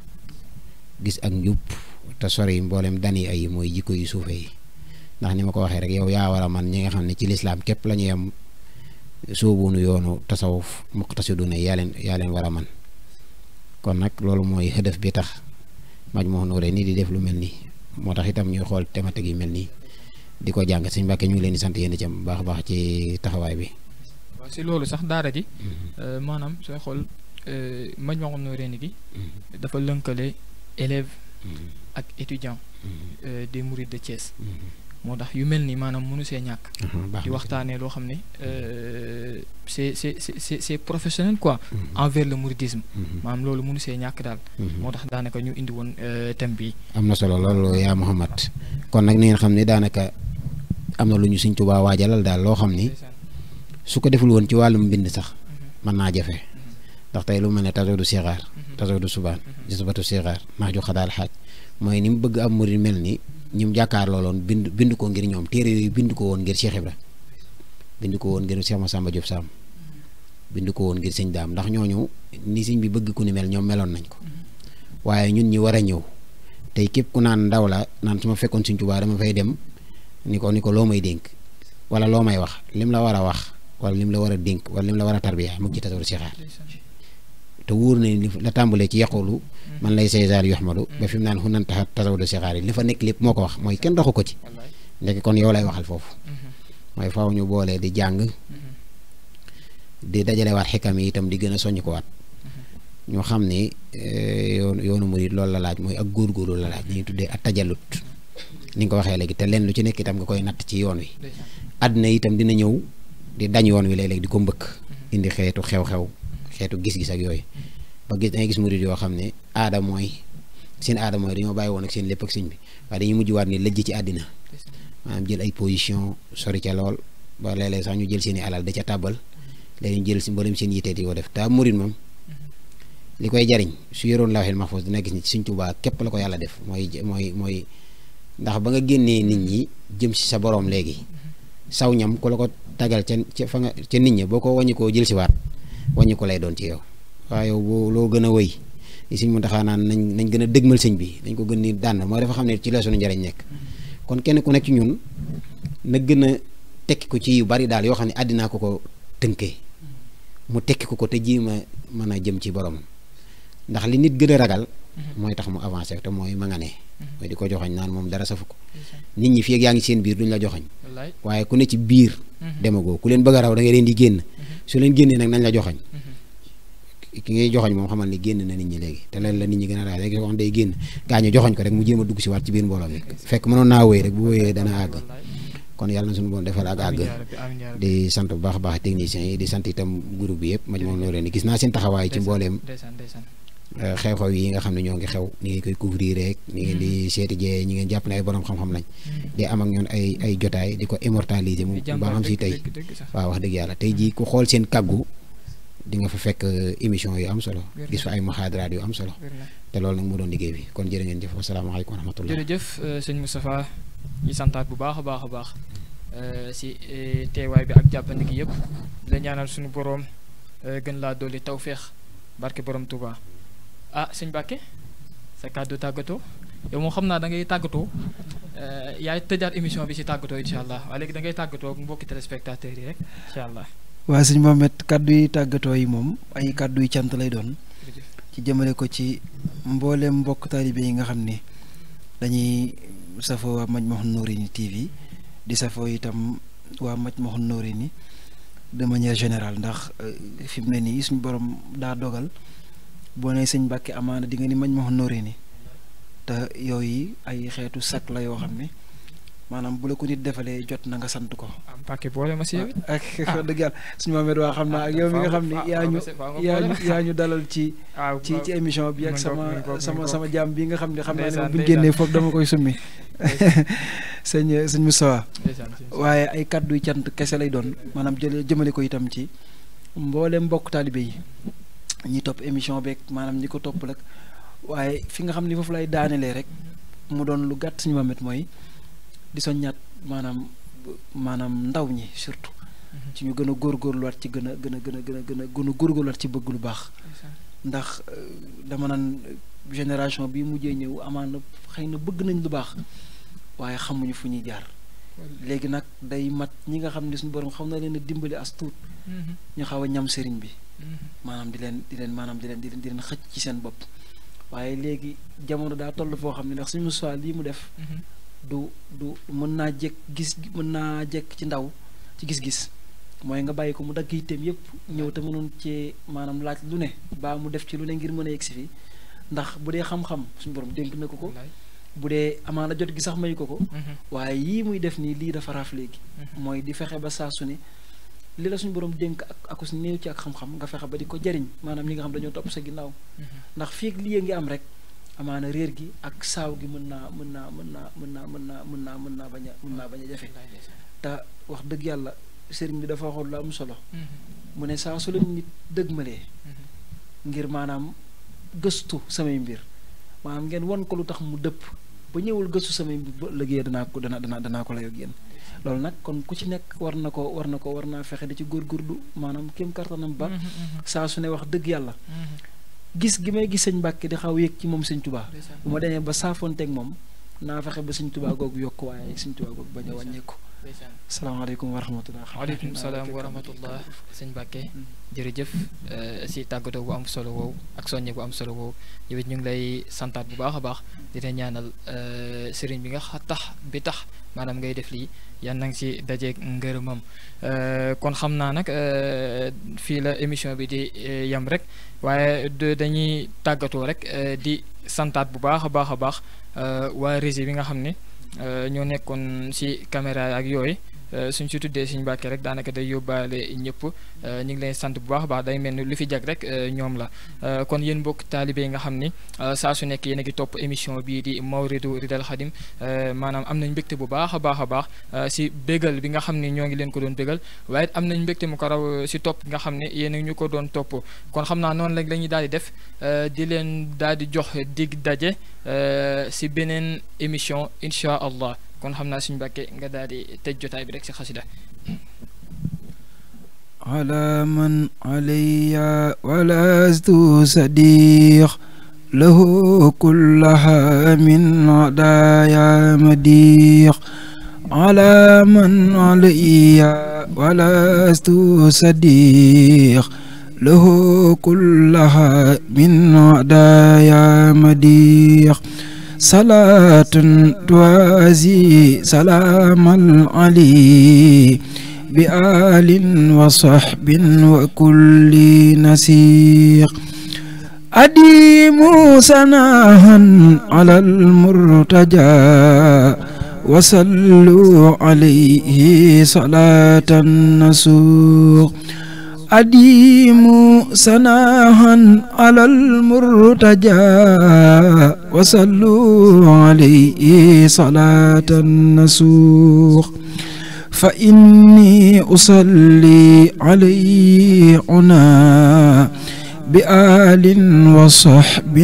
gis ak njub te sori mboolem dani ay mooy jikko yi suufe yi ndax ni ma ko waxee rek yow yaa war a man ñi nga xam ne ci lislaam képp lañu ñu yem sóobuunu yoonu tasawuf muqtasiduna yaa leen yaa leen war a man kon nag loolu mooy xëdëf bi tax Majmahun nii di def lu mel nii moo tax itam ñuy xool thématique yi mel nii di ko jàng sëñ Mbàkke ñu ngi leen di sant yéen itam baax a baax ci taxawaay bi si loolu sax daara ji mm-hmm. euh, maanaam sooy xool euh, mañ waxoon noo reeni gi mm-hmm. dafa lënkale élève mm-hmm. ak étudiant euh, des mourides de Thiès moo tax yu mel ni maanaam mënu see ñàkk di waxtaanee loo xam ne c'est c'est c'est c'est professionnel quoi envers le mouridisme maam loolu munu see ñàkk daal moo tax daanaka ñu indi woon thème bi am na solo loolu yaa Mouhamad kon nag ni ngeen xam ne daanaka am na lu ñu Sëñ Tuubaa waajalal daal loo xam ni su ko deful woon ci wàllum mbind sax mhm. mën naa jafe ndax tey lu mel ne tasoo du sixaar mhm. tasoo du subaan mhm. jisbatu sixaar maa ju xadaal xaaj mooy ni mu bëgg am murid mel ni ñu mu jàkkaar looloon bind bind ko ngir ñoom téere yi bind ko woon ngir Cheikh Ibra bind ko woon ngir Cheikh Massamba Diop Sam bind ko woon ngir sëñ daam ndax ñoo ñu ni sëñ bi bëgg ku ni mel ñoom meloon nañ ko waaye ñun ñi war a ñëw tey képp ku naan ndaw la naan su ma fekkoon sëñ Tuubaa dama fay dem ni ko ni ko loo may dénk wala loo may wax lim la war a wax wala lim la war a dénk wala lim la war a tarbiya mu ci tasawur sixaar te wóor na li la tàmbalee ci yaqulu man lay seysar yoxmadu ba fi mu naan xunan taxa tasawur sixaar yi li fa nekk lépp moo ko wax mooy kenn ko ci ndekk kon yow lay waxal foofu mooy faaw ñu boolee di jàng di dajalewaat xikam yi itam di gën a soññ ko waat ñu xam ni eh, yoon yoonu murid loolu la laaj mooy ak góor góor la laaj ñuy tuddee ak tajallut ni nga ko waxee léegi te lenn lu ci nekk itam nga koy natt ci yoon wi àddina itam dina ñëw di dañ yoon wi léeg-léeg di ko mbëkk mm-hmm. indi xeetu xew-xew xeetu gis-gis ak yooyu ba gis dangay gis murid yoo xam ne aada mooy seen aada mooy dañoo bàyyi woon ak seen lépp ak sëñ bi waaye dañuy mujj waat ni lëjj ci àddina maanaam jël ay position sori ca lool ba léeg-léeg sax ñu jël seen i da ca tàbbal léegi jël si mboolem seen yitte di ko def ta murid moom mm-hmm. li koy jariñ su yoroon lawhil mahfuz dina gis ni sëñ Tuubaa képp la ko yàlla def mooy mooy mooy ndax ba nga génnee nit ñi jëm si sa boroom léegi mm-hmm. saw ñam ku la ko dagal ca ca fa nga ca nit ña boo ko wàññi koo jël si waat ko lay doon ci yow waaye yow boo loo gën a wëy li sëñ Muntaxa naan nañ nañ gën a dëgmal sëñ bi dañ ko gën ni dànn mooy dafa xam ne ci la suñu njariñ nekk kon kenn ku nekk ci ñun na gën a tekki ko ci yu bari daal yoo xam ne àddinaa ko ko tënkee mu tekki ko ko te ji ma mën a jëm ci borom ndax li nit gën a ragal mm-hmm. mooy tax mu avancé te mooy ma nga ne mooy di ko joxoñ naan moom dara safu ko nit ñi fii ak yaa ngi seen biir duñ la joxoñ waaye ku ne ci biir mhm. demagoo ku leen bëgg a raw da nga leen di génn mhm. su leen génnee nag nañ la joxoñ mhm. ki ngay joxoñ moom xamal ni génn na nit ñi léegi te lan la nit ñi gën a raay léegi wax day génn gaañu joxoñ ko rek mu jéem a dugg si waat ci biir mbooloo mi fekk mënoon naa wéy rek bu wéyee dana àgg kon yàlla na suñu boon defal ak àgg di sant bu baax a baax techniciens yi di sant itam groupe bi yëpp maj moom noo leen gis naa seen taxawaay ci mbooleem Euh, xew-xew yi nga xam ne ñoo ngi xew ni ngeen koy couvrir rek ni ngeen di mm. seeti jee ñi ngeen jàpp ne ay borom xam-xam lañ mm. di am ak ñoon ay ay jotaay di ko immortaliser mu ba xam si tey waaw wax dëgg yàlla tey mm. jii ku xool seen kàggu di nga fa fekk euh, émission yu am solo gis euh, baax a baax a baax si teewaay bi ak jàppandi gi yëpp la ñaanal suñu boroom gën laa dooli tawféex barke borom Touba ah sëñ Bakke sa kàddu tàggatoo yow moom xam naa da ngay tàggatoo eh, yaay tëjaat émission bi si tàggatoo incha allah waaye léegi da ngay tàggatoo ak mbokki téléspectateurs yi rek incha allah. waa suñ sëñ Mohamed kàddu yi tàggatoo yi moom ay kàddu yu cant lay doon. ci jëmale ko ci mboole mbokk taalibe yi nga xam ni dañuy safoo waa Majmahun Nurayni TV di safoo itam waa Majmahun nii de manière général ndax eh, fi mu ne nii suñu borom daa dogal. boo nee sëñ Mbàkke amaana di nga ni mañ ma honoré ni te yooyu ay xeetu sakk la yoo xam ne maanaam bu la ko nit defalee jot na nga sant ko. am pàcc boole ma si ak dëgg yàlla suñu Mohamed waa xam naa ak yow mi nga xam ne yaa yaa ñu yaa ñu dalal ci. ci ci émission bi ak sama sama sama jaam bi nga xam ne xam ne bu ñu génnee foofu dama koy summi. sëñ sëñ Moustapha waaye ay kaddu yu cant kese lay doon maanaam jële jëmale ko itam ci mboolem mbokk taalibe yi. ñi topp émission beeg maanaam ñi ko topp rek waaye fi nga xam ni foofu lay daanelee rek mu doon lu gàtt suñu mamet mooy di soññaat maanaam maanaam ndaw ñi surtout mhm. ci ñu gën a góorgóorluwaat ci gën a gën a gën a gën gën a gën a ci bëgg lu baax ndax euh, dama naan euh, génération bi mujjee ñëw amaana xëy na bëgg nañ lu baax waaye xamuñu fu ñuy jaar léegi nag day mat ñi nga xam ne suñu borom xam na leen dimbali as tuut mhm. ñu xaw a ñam sëriñ bi maanaam di leen di leen maanaam di leen di leen di leen xëcc seen bopp waaye léegi jamono daa toll foo xam ne ndax suñu musuwaa lii mu def mhm. du du mën naa jekk gis mën naa jekk ci ndaw ci gis-gis mooy nga bàyyi ko mu dagg yitteem yépp ñëw te mënoon ci maanaam laaj lu ne baa mu def ci lu ne ngir mën a yegsi fi ndax bu dee xam-xam suñu borom dénk na ko ko bu dee amaana jot gi sax mayu ko ko mhm. waaye yii muy def nii lii dafa raaf léegi mhm. mooy di fexe ba saa su ne li la suñu borom dénk ak akus néew ci ak xam-xam nga fexe ba di ko jariñ maanaam ñi nga xam dañoo topp sa ginnaaw mm-hmm. ndax fii lii ngi am rek amaana réer gi ak saaw gi mën naa mën naa mën naa mën naa mën naa mën naa mën naa bañ a mën naa bañ a jafe te wax dëgg yàlla sëriñ bi dafa waxoon lu am solo mm-hmm. mu ne saa su la nit dëgmalee mm-hmm. ngir maanaam gëstu samay mbir maanaam ngeen won ko lu tax mu dëpp ba ñëwul gëstu samay mbir ba danaa ko dana dana danaa ko layoo génn loolu nag kon ku ci nekk war na ko war na ko war naa fexe di ci góorgóorlu maanaam kéem kartanam ba mm-hmm, mm-hmm. saa su ne wax dëgg yàlla mm-hmm. gis gi may gis sëñ Mbàkke di xaw yëg ci moom sañ tubaa bu ma demee ba saafoonteeg moom naa fexe ba sëñ tubaa googu yokk waaye sëñ Tuubaa googu bañ a wàññeeku salaamaaleykum wa rahmatulah. waaleykum salaam wa rahmatulah. sëñ Mbacke. jërëjëf euh, si tàggatoo bu am solo woowu ak soññe bu am solo woowu yow ñu ngi lay santaat bu baax a baax di la ñaanal euh, sëriñ bi nga tax bi tax maanaam ngay def lii yan na nga si dajeeg ngërëmam euh, kon xam naa nag fii la émission bi di yam rek waaye dañuy tàggatoo rek di santaat bu baax a baax a baax waa régie bi nga xam ne. Euh, ñoo nekkoon si caméra ak yooyu Euh, suñ si tuddee suñ Mbàkke rek daanaka day yóbbaale ñëpp euh, ñu ngi leen sant bu baax baax day mel ni lu fi jag rek euh, ñoom la kon yéen mbokk taalibe yi nga xam ni saa su nekk yéen a ngi topp émission bii di Mawridu Ridal Xadim maanaam am nañ mbégte bu baax a baax a baax si bégal bi nga xam ni ñoo ngi leen ko doon bégal waaye am nañ mbégte mu ko raw si topp nga xam ne yéen ñu ko doon topp kon xam naa noonu rek la ñuy daal di def di leen daal di jox dig daje si beneen émission incha allah kon xam naa suñu bàkkee nga daal di tëj jotaay bi rek si xasida على من علي ولست صديق له كلها من عدايا مديق على من علي ولست صديق له كلها من عدايا مديق salaatun tuwaasi salaamal ali bi alin wa saxbin wa kulli nasiix adiimu sanaahan alal murtajaa wa sallu alayhi salaatan nasuux أديم سناها على المرتجى وصلوا عليه صلاة النسوخ فإني أصلي عليه عنا بآل وصحب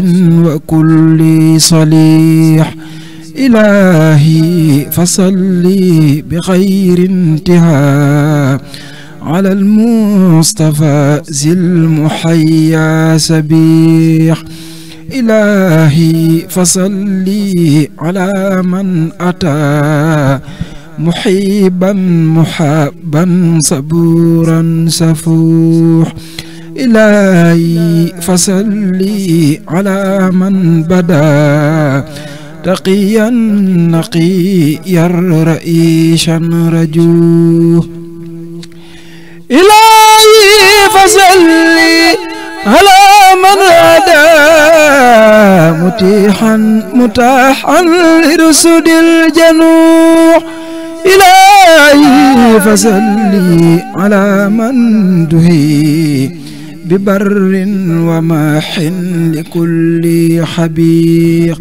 وكل صليح إلهي فصلي بغير انتهاء على المصطفى ذي المحيا سبيح إلهي فصلي على من أتى محبا محبا صبورا سفوح إلهي فصلي على من بدا تقيا نقيا رئيشا رجوه إلهي فصلي على من هدى متيحا متاحا لرسد الجنوح إلهي فصلي على من دهي ببر وماح لكل حبيق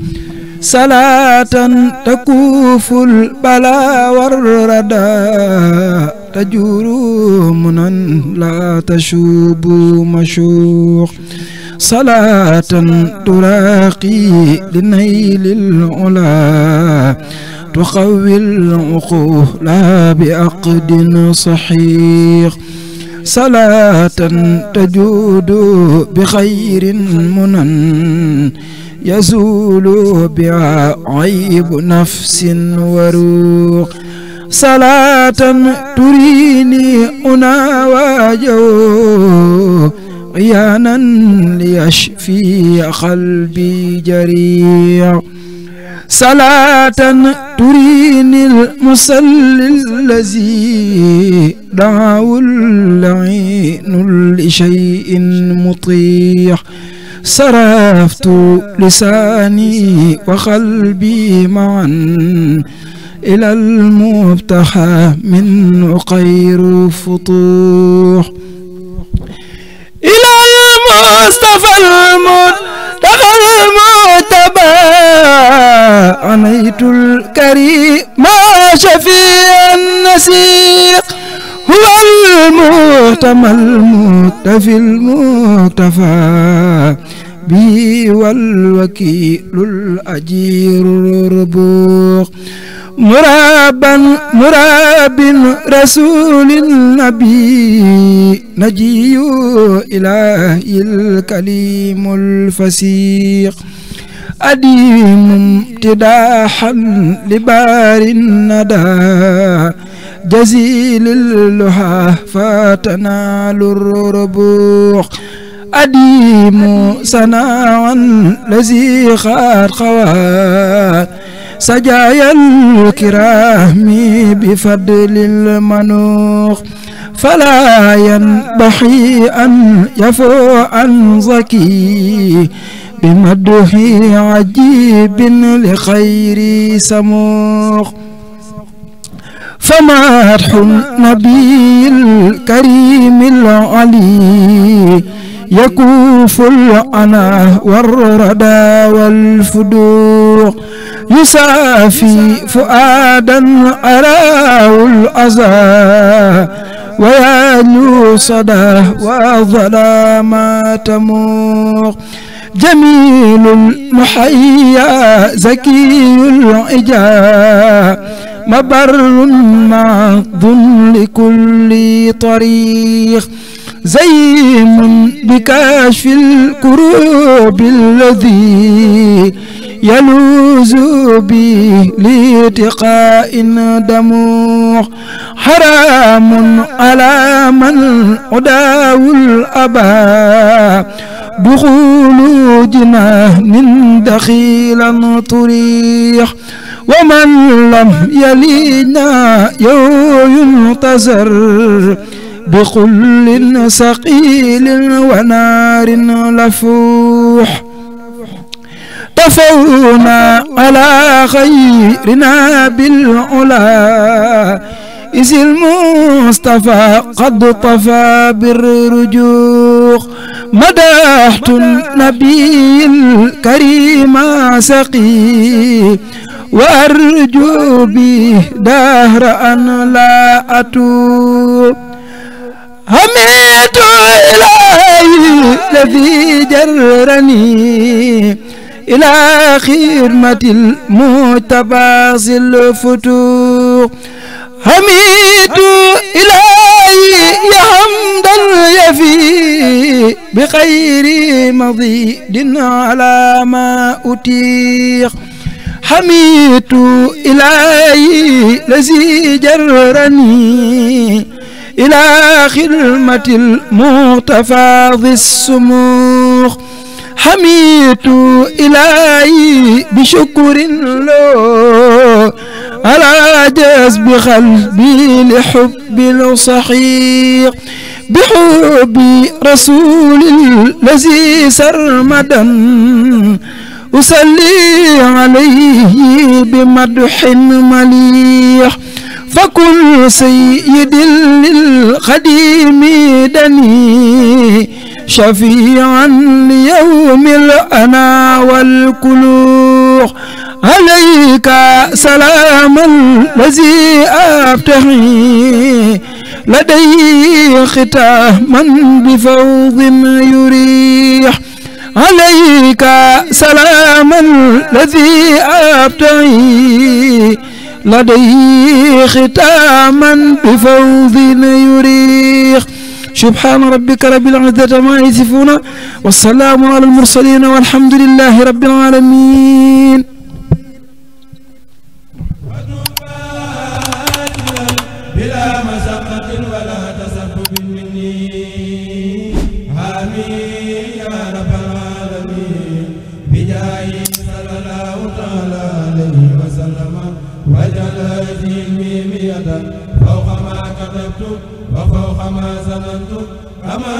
salaatan takuuful balaa warradaa tajuru munan laa tashuubu mashuuq salaatan turaaqi linaylil ulaa tuqawwil uquula bi aqdin saxiix salaatan tajuudu bi xayrin munan يزول بها عيب نفس وروق صلاة تريني أنا وجو عيانا ليشفي قلبي جريع صلاة تريني المصلي الذي دعاه العين لشيء مطيع سرفت لساني وقلبي معا إلى المبتحى من عقير فتوح إلى المصطفى المنتقى المعتبى عنيت الكريم شفيع النسيق هو المهتم المتفي المتفى bi walwakilul ajirul rabuux muraban murabin rasulin nabi najiyu ilahil kalimul fasiix adimum tidaaxan libaarin nadaa jazilil luhaa fatanaalur rabuux أديم سناعا الذي خاد خوات سجايا الكرام بفضل المنوخ فلا ينبحي أن يفو عن زكي بمدح عجيب لخير سموخ فمدح النبي الكريم العلي يكوف الأنا والردى والفدوق يسافي فؤادا أراه الأذى ويالو صدى وظلاما تموق جميل المحيا زكي العجاب مبر مع ذل كل طريق زيم بكشف الكروب الذي يلوز به لالتقاء دموع حرام على من أداو الأباء بخول جنان دخيلا طريح ومن لم يلينا ينتظر بقل ثقيل ونار لفوح طفونا على خيرنا بالعلا إذ المصطفى قد طفى بالرجوع مدحت النبي الكريم سقي وأرجو به دهر أن لا أتوب حميد إلهي الذي جرني إلى خدمة المتباصي الفتوح حميد إلهي يا حمدا يفي بخير مضيد على ما أتيح حميد إلهي الذي جرني إلى خدمة المختفى ذي السموخ حميت إلهي بشكر له على جذب قلبي لحب الصحيح بحب رسول الذي سرمدا أصلي عليه بمدح مليح فكن سيد للقديم دني شفيعا ليوم الأنا والكلوخ عليك سلام الذي أفتحي لدي ختاما بفوض يريح عليك سلام الذي أبتغي لديه ختاما بفوز يريح سبحان ربك رب العزة عما يصفون والسلام على المرسلين والحمد لله رب العالمين amantu kama